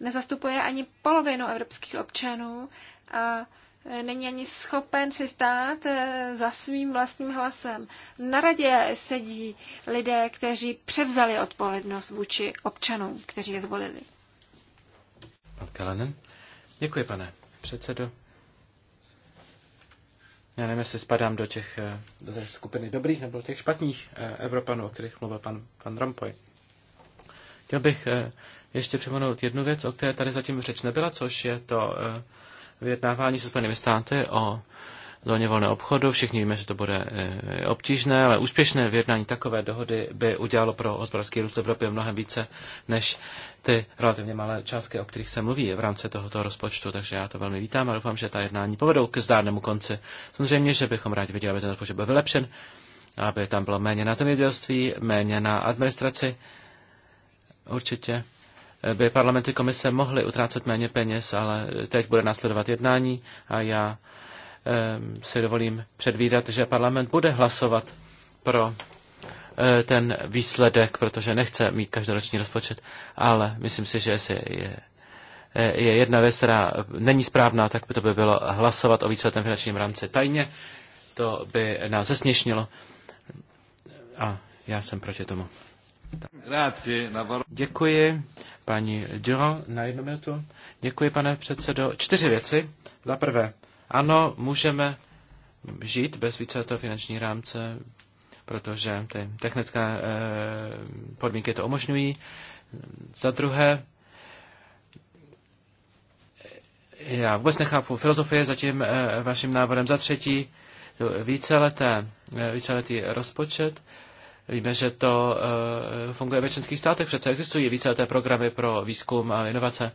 B: nezastupuje ani polovinu evropských občanů a není ani schopen si stát eh, za svým vlastním hlasem. Na radě sedí lidé, kteří převzali odpovědnost vůči občanům, kteří je zvolili.
C: Pan Kalanen. Děkuji, pane předsedo. Já nevím, jestli spadám do těch eh, do té skupiny dobrých nebo do těch špatných eh, Evropanů, o kterých mluvil pan, pan Rompuy. Chtěl bych eh, ještě připomenout jednu věc, o které tady zatím řeč nebyla, což je to vyjednávání se Spojenými státy o zóně volného obchodu. Všichni víme, že to bude eh, obtížné, ale úspěšné vyjednání takové dohody by udělalo pro hospodářský růst Evropě mnohem více než ty relativně malé částky, o kterých se mluví v rámci tohoto rozpočtu. Takže já to velmi vítám a doufám, že ta jednání povedou k zdárnému konci. Samozřejmě, že bychom rádi viděli, aby ten rozpočet byl vylepšen, aby tam bylo méně na zemědělství, méně na administraci. Určitě by parlamenty komise mohly utrácet méně peněz, ale teď bude následovat jednání a já Ehm, si dovolím předvídat, že parlament bude hlasovat pro eh, ten výsledek, protože nechce mít každoroční rozpočet, ale myslím si, že jestli je, eh, je jedna věc, která není správná, tak by to by bylo hlasovat o víceletém finančním rámci tajně. To by nás zesměšnilo a já jsem proti tomu. Děkuji, paní Duro, na jednu minutu. Děkuji, pane předsedo. Čtyři věci. Za prvé, ano, můžeme žít bez víceletého finanční rámce, protože ty technické eh, podmínky to umožňují. Za druhé, já vůbec nechápu filozofie za tím eh, vaším návrhem. Za třetí, víceleté, eh, víceletý rozpočet. Víme, že to funguje ve členských státech. Přece existují víceleté programy pro výzkum a inovace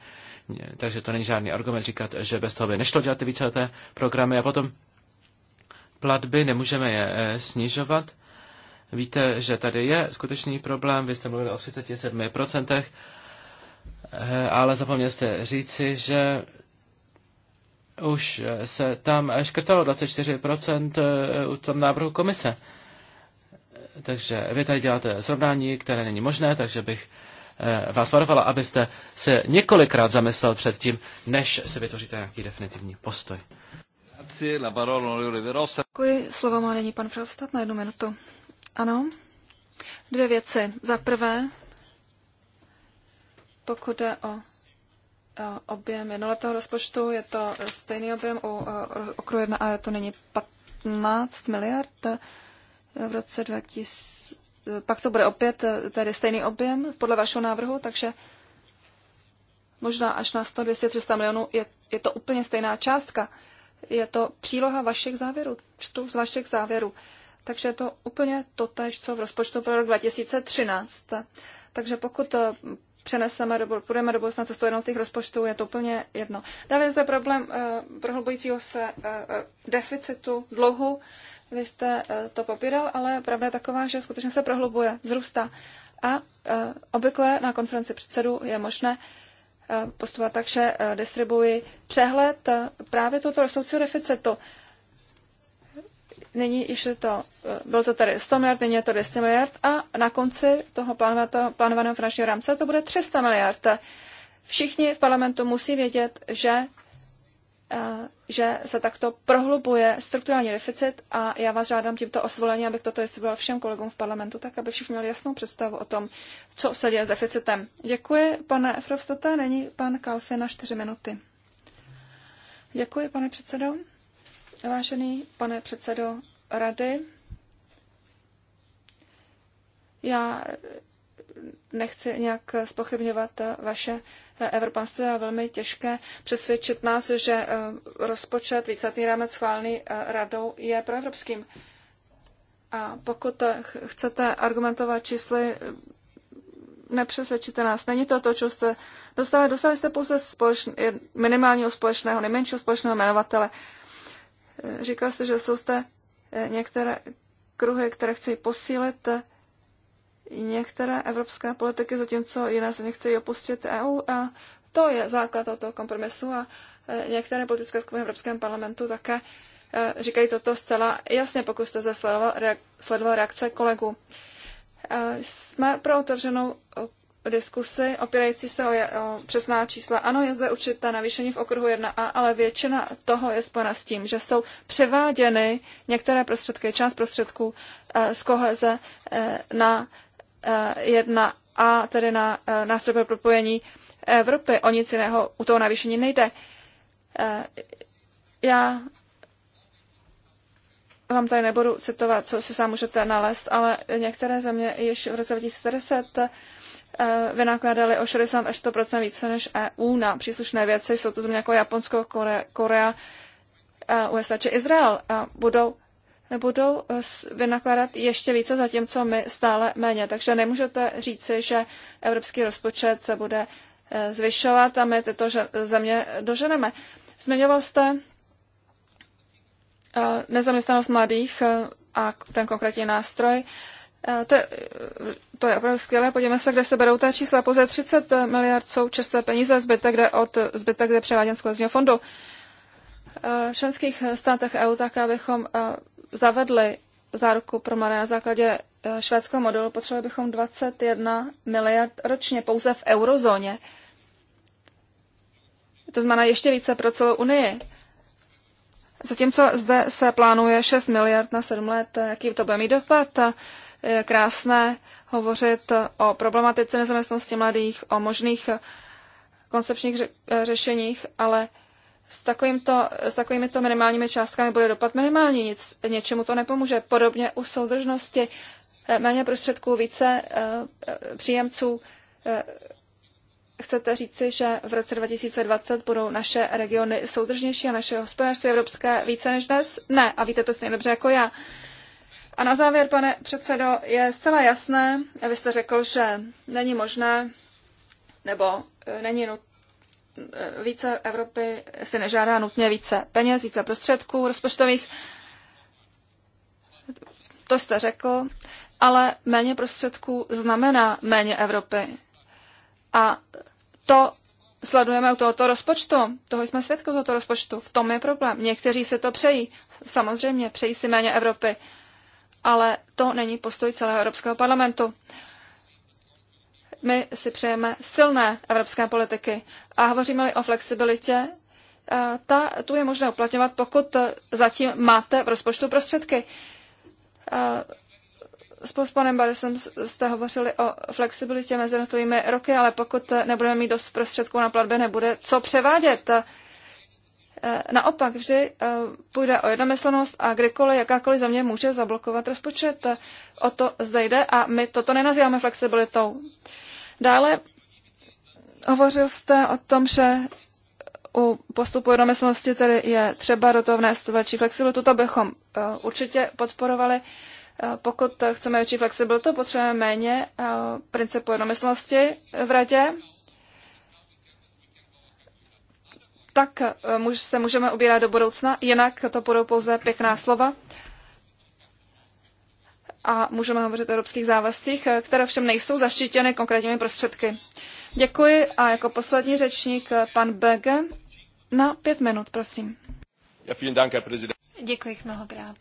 C: takže to není žádný argument říkat, že bez toho by nešlo dělat ty víceleté programy. A potom platby, nemůžeme je eh, snižovat. Víte, že tady je skutečný problém, vy jste mluvili o 37%, eh, ale zapomněl jste říci, že už eh, se tam škrtalo 24% u tom návrhu komise. Takže vy tady děláte srovnání, které není možné, takže bych Eh, vás varovala, abyste se několikrát zamyslel před tím, než se vytvoříte nějaký definitivní postoj.
D: Děkuji. Slovo má nyní pan Frelstat na jednu minutu. Ano. Dvě věci. Za prvé, pokud jde o eh, objem jednoletého rozpočtu, je to stejný objem u eh, okruhu 1A, je to není 15 miliard v roce 2000, pak to bude opět eh, tedy stejný objem podle vašeho návrhu, takže možná až na 100, 200, 300 milionů je, je to úplně stejná částka. Je to příloha vašich závěrů, čtu z vašich závěrů. Takže je to úplně totéž, co v rozpočtu pro rok 2013. Takže pokud eh, přeneseme do, půjdeme do budoucna cestou těch rozpočtů, je to úplně jedno. Dále je zde problém uh, prohlubujícího se uh, deficitu dluhu. Uh, vy jste eh, to popíral, ale pravda je taková, že skutečně se prohlubuje, vzrůstá. A eh, obvykle na konferenci předsedů je možné eh, postupovat tak, že distribuji přehled právě toto rostoucího deficitu. Nyní již to, bylo to tady 100 miliard, nyní je to 200 miliard a na konci toho plánovaného finančního rámce to bude 300 miliard. Všichni v parlamentu musí vědět, že Eh, že se takto prohlubuje strukturální deficit a já vás žádám tímto o svolení, abych toto vysvětlila všem kolegům v parlamentu, tak aby všichni měli jasnou představu o tom, co se děje s deficitem. Děkuji, pane Frostata, není pan Kalfin na čtyři minuty. Děkuji, pane předsedo. Vážený pane předsedo rady, já nechci nějak spochybňovat vaše Evropanství je velmi těžké přesvědčit nás, že eh, rozpočet víceletý rámec schválený eh, radou je proevropským. A pokud eh, chcete argumentovat čísly, nepřesvědčíte nás. Není to to, co jste dostali. Dostali jste pouze společný, minimálního společného, nejmenšího společného jmenovatele. Říkal jste, že jsou zde některé kruhy, které chci posílit některé evropské politiky, zatímco jiné se nechcejí opustit EU a to je základ tohoto kompromisu a e, některé politické skupiny v Evropském parlamentu také e, říkají toto zcela jasně, pokud jste sledoval reakce kolegů. E, jsme pro otevřenou diskusi opírající se o, je, o přesná čísla. Ano, je zde určité navýšení v okruhu 1a, ale většina toho je spojena s tím, že jsou převáděny některé prostředky, část prostředků z koheze na jedna a tedy na eh, nástroj pro propojení Evropy. O nic jiného u toho navýšení nejde. Eh, já vám tady nebudu citovat, co si sám můžete nalézt, ale některé země již v roce 2010 eh, vynakládaly o 60 až 100 více než EU na příslušné věci. Jsou to země jako Japonsko, Korea, Korea USA či Izrael. A budou budou eh, vynakládat ještě více, zatímco my stále méně. Takže nemůžete říci, že evropský rozpočet se bude eh, zvyšovat a my tyto země doženeme. Zmiňoval jste eh, nezaměstnanost mladých a ten konkrétní nástroj. To je, to je opravdu skvělé. Podívejme se, kde se berou ta čísla. Pouze 30 miliard jsou čerstvé peníze, zbytek jde, od, zbytek jde převáděn z fondu. V členských státech EU tak, abychom zavedli záruku pro mladé na základě eh, švédského modelu, potřebovali bychom 21 miliard ročně pouze v eurozóně. To znamená ještě více pro celou Unii. Zatímco zde se plánuje 6 miliard na 7 let, eh, jaký to bude mít dopad, eh, je krásné hovořit o problematice nezaměstnosti mladých, o možných koncepčních řešeních, ale s, takovýmto, s takovýmito minimálními částkami bude dopad minimální, nic, něčemu to nepomůže. Podobně u soudržnosti eh, méně prostředků, více eh, eh, příjemců. Chcete říci, že v roce 2020 budou naše regiony soudržnější a naše hospodářství evropské více než dnes? Ne, a víte to stejně dobře jako já. A na závěr, pane předsedo, je zcela jasné, vy jste řekl, že není možné nebo není nutné více Evropy si nežádá nutně více peněz, více prostředků rozpočtových. To jste řekl, ale méně prostředků znamená méně Evropy. A to sledujeme u tohoto rozpočtu. Toho jsme svědky u tohoto rozpočtu. V tom je problém. Někteří si to přejí. Samozřejmě, přejí si méně Evropy. Ale to není postoj celého Evropského parlamentu. My si přejeme silné evropské politiky a hovoříme-li o flexibilitě, eh, ta, tu je možné uplatňovat, pokud zatím máte v rozpočtu prostředky. Eh, spolu s panem Barisem jste hovořili o flexibilitě mezi jednotlivými roky, ale pokud nebudeme mít dost prostředků na platby, nebude co převádět. Eh, naopak vždy půjde o jednomyslnost a kdykoliv jakákoliv země může zablokovat rozpočet. O to zde jde a my toto nenazýváme flexibilitou. Dále hovořil jste o tom, že u postupu jednomyslnosti tedy je třeba do toho vnést větší flexibilitu. To bychom eh, určitě podporovali. Eh, pokud chceme větší flexibilitu, potřebujeme méně eh, principu jednomyslnosti v radě. Tak se můžeme ubírat do budoucna, jinak to budou pouze pěkná slova a můžeme hovořit o evropských závazcích, eh, které všem nejsou zaštítěny konkrétními prostředky. Děkuji a jako poslední řečník eh, pan Bege na pět minut, prosím. Děkuji mnohokrát.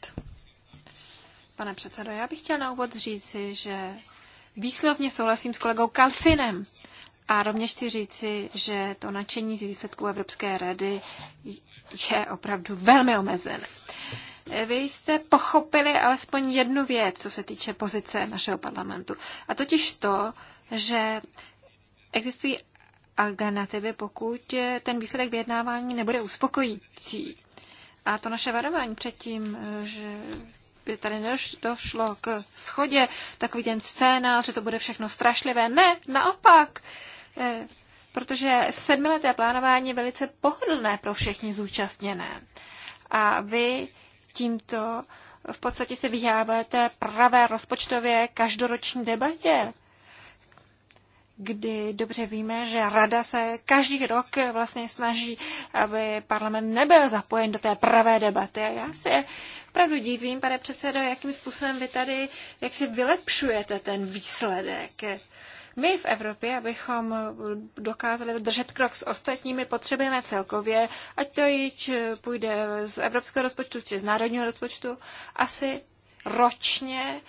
B: Pane předsedo, já bych chtěl na úvod říci, že výslovně souhlasím s kolegou Kalfinem a rovněž chci říci, že to nadšení z výsledků Evropské rady je opravdu velmi omezené vy jste pochopili alespoň jednu věc, co se týče pozice našeho parlamentu. A totiž to, že existují alternativy, pokud ten výsledek vyjednávání nebude uspokojící. A to naše varování předtím, že by tady došlo k schodě, takový ten scénář, že to bude všechno strašlivé. Ne, naopak eh, protože sedmileté plánování je velice pohodlné pro všechny zúčastněné. A vy tímto v podstatě se vyháváte pravé rozpočtově každoroční debatě, kdy dobře víme, že rada se každý rok vlastně snaží, aby parlament nebyl zapojen do té pravé debaty. A já se opravdu divím, pane předsedo, jakým způsobem vy tady, jak si vylepšujete ten výsledek. My v Evropě, abychom dokázali držet krok s ostatními, potřebujeme celkově, ať to již půjde z evropského rozpočtu či z národního rozpočtu, asi ročně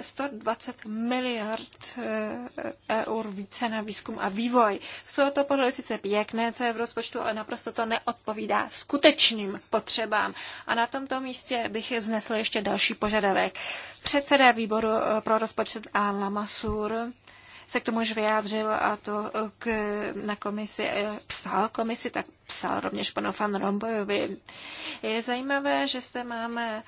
B: 120 eh, miliard eh, eur více na výzkum a vývoj. Jsou to podle sice pěkné, co je v rozpočtu, ale naprosto to neodpovídá skutečným potřebám. A na tomto místě bych znesl ještě další požadavek. Předseda výboru pro rozpočet Al Lamassur se k tomu už vyjádřil a to eh, k, na komisi, eh, psal komisi, tak psal rovněž panu Fan Rombojovi. Je zajímavé, že zde máme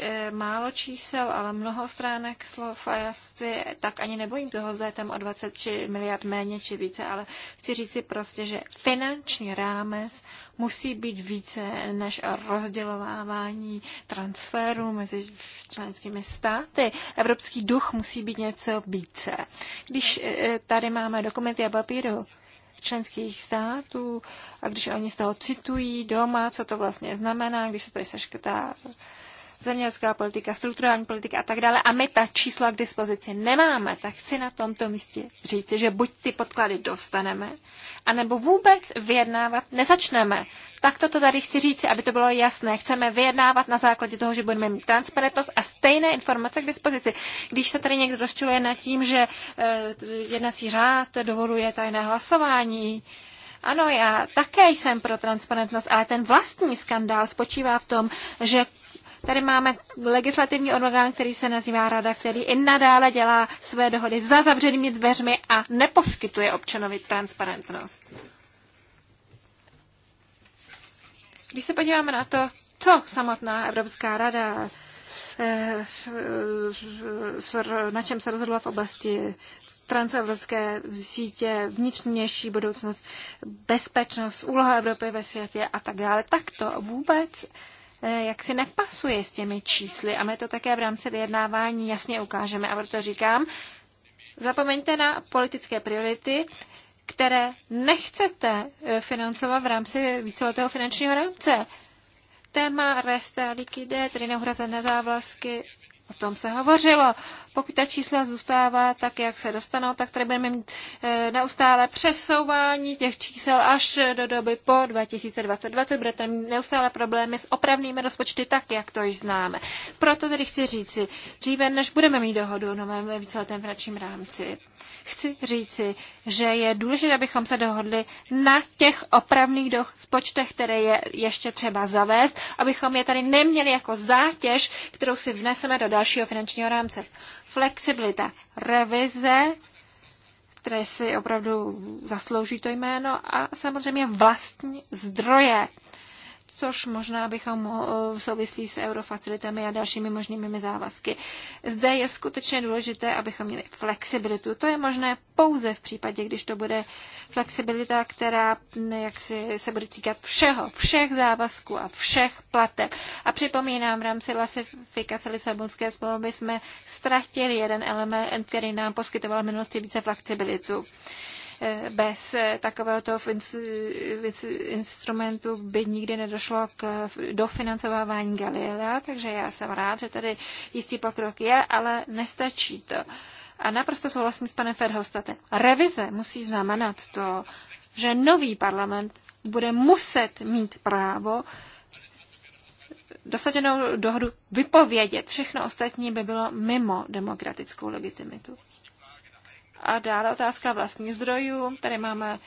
B: Eh, málo čísel, ale mnoho stránek slov a já si tak ani nebojím toho, zda je tam o či miliard méně či více, ale chci říci prostě, že finanční rámec musí být více než rozdělovávání transferů mezi členskými státy. Evropský duch musí být něco více. Když eh, tady máme dokumenty a papíru, členských států a když oni z toho citují doma, co to vlastně znamená, když se tady seškrtá zemědělská politika, strukturální politika a tak dále. A my ta čísla k dispozici nemáme, tak chci na tomto místě říci, že buď ty podklady dostaneme, anebo vůbec vyjednávat nezačneme. Tak to tady chci říci, aby to bylo jasné. Chceme vyjednávat na základě toho, že budeme mít transparentnost a stejné informace k dispozici. Když se tady někdo rozčiluje nad tím, že eh, jednací řád dovoluje tajné hlasování, ano, já také jsem pro transparentnost, ale ten vlastní skandál spočívá v tom, že Tady máme legislativní orgán, který se nazývá Rada, který i nadále dělá své dohody za zavřenými dveřmi a neposkytuje občanovi transparentnost. Když se podíváme na to, co samotná Evropská rada, eh, eh, na čem se rozhodla v oblasti transevropské sítě, vnitřnější budoucnost, bezpečnost, úloha Evropy ve světě a tak dále, tak to vůbec Eh, jak si nepasuje s těmi čísly a my to také v rámci vyjednávání jasně ukážeme. A proto říkám, zapomeňte na politické priority, které nechcete eh, financovat v rámci víceletého finančního rámce. Téma resta likide, tedy neuhrazené závazky, O tom se hovořilo. Pokud ta čísla zůstává tak, jak se dostanou, tak tady budeme mít e, neustále přesouvání těch čísel až do doby po 2020. Budete mít neustále problémy s opravnými rozpočty, tak jak to již známe. Proto tedy chci říci, dříve než budeme mít dohodu o novém víceletém finančním rámci, chci říci, že je důležité, abychom se dohodli na těch opravných spočtech, které je ještě třeba zavést, abychom je tady neměli jako zátěž, kterou si vneseme do dalšího finančního rámce. Flexibilita, revize, které si opravdu zaslouží to jméno a samozřejmě vlastní zdroje což možná bychom v eh, souvislí s eurofacilitami a dalšími možnými závazky. Zde je skutečně důležité, abychom měli flexibilitu. To je možné pouze v případě, když to bude flexibilita, která mm, si, se bude týkat všeho, všech závazků a všech plateb. A připomínám, v rámci klasifikace Lisabonské smlouvy jsme ztratili jeden element, který nám poskytoval v minulosti více flexibilitu. Bez takového toho instrumentu by nikdy nedošlo k dofinancovávání Galilea, takže já jsem rád, že tady jistý pokrok je, ale nestačí to. A naprosto souhlasím s panem Ferhostate. Revize musí znamenat to, že nový parlament bude muset mít právo dosaženou dohodu vypovědět. Všechno ostatní by bylo mimo demokratickou legitimitu. A dále otázka vlastních zdrojů. Tady máme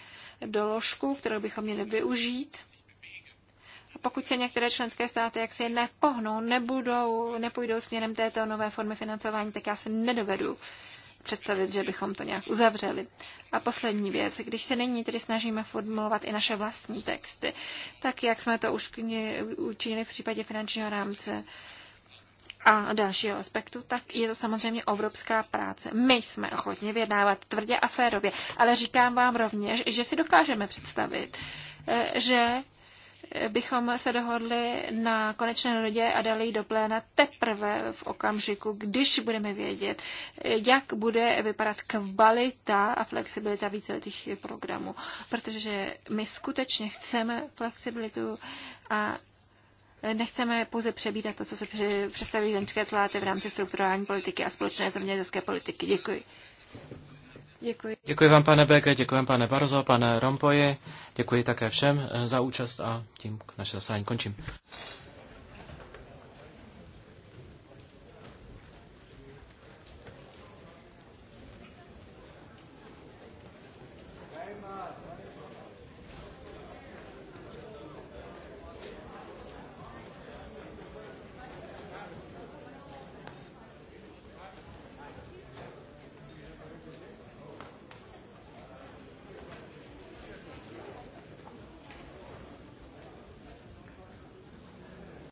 B: doložku, kterou bychom měli využít. A pokud se některé členské státy jaksi nepohnou, nebudou, nepůjdou směrem této nové formy financování, tak já se nedovedu představit, že bychom to nějak uzavřeli. A poslední věc, když se nyní tedy snažíme formulovat i naše vlastní texty, tak jak jsme to už učinili v případě finančního rámce a dalšího aspektu, tak je to samozřejmě obrovská práce. My jsme ochotni vyjednávat tvrdě a férově, ale říkám vám rovněž, že si dokážeme představit, eh, že eh, bychom se dohodli na konečné rodě a dali ji do pléna teprve v okamžiku, když budeme vědět, eh, jak bude vypadat kvalita a flexibilita víceletých programů. Protože my skutečně chceme flexibilitu a Nechceme pouze přebídat to, co se představí ženské zvláty v rámci strukturální politiky a společné zemědělské politiky. Děkuji.
A: Děkuji.
C: Děkuji vám, pane Beke, děkuji vám, pane Barzo, pane Rompoji, děkuji také všem eh, za účast a tím naše zasedání končím.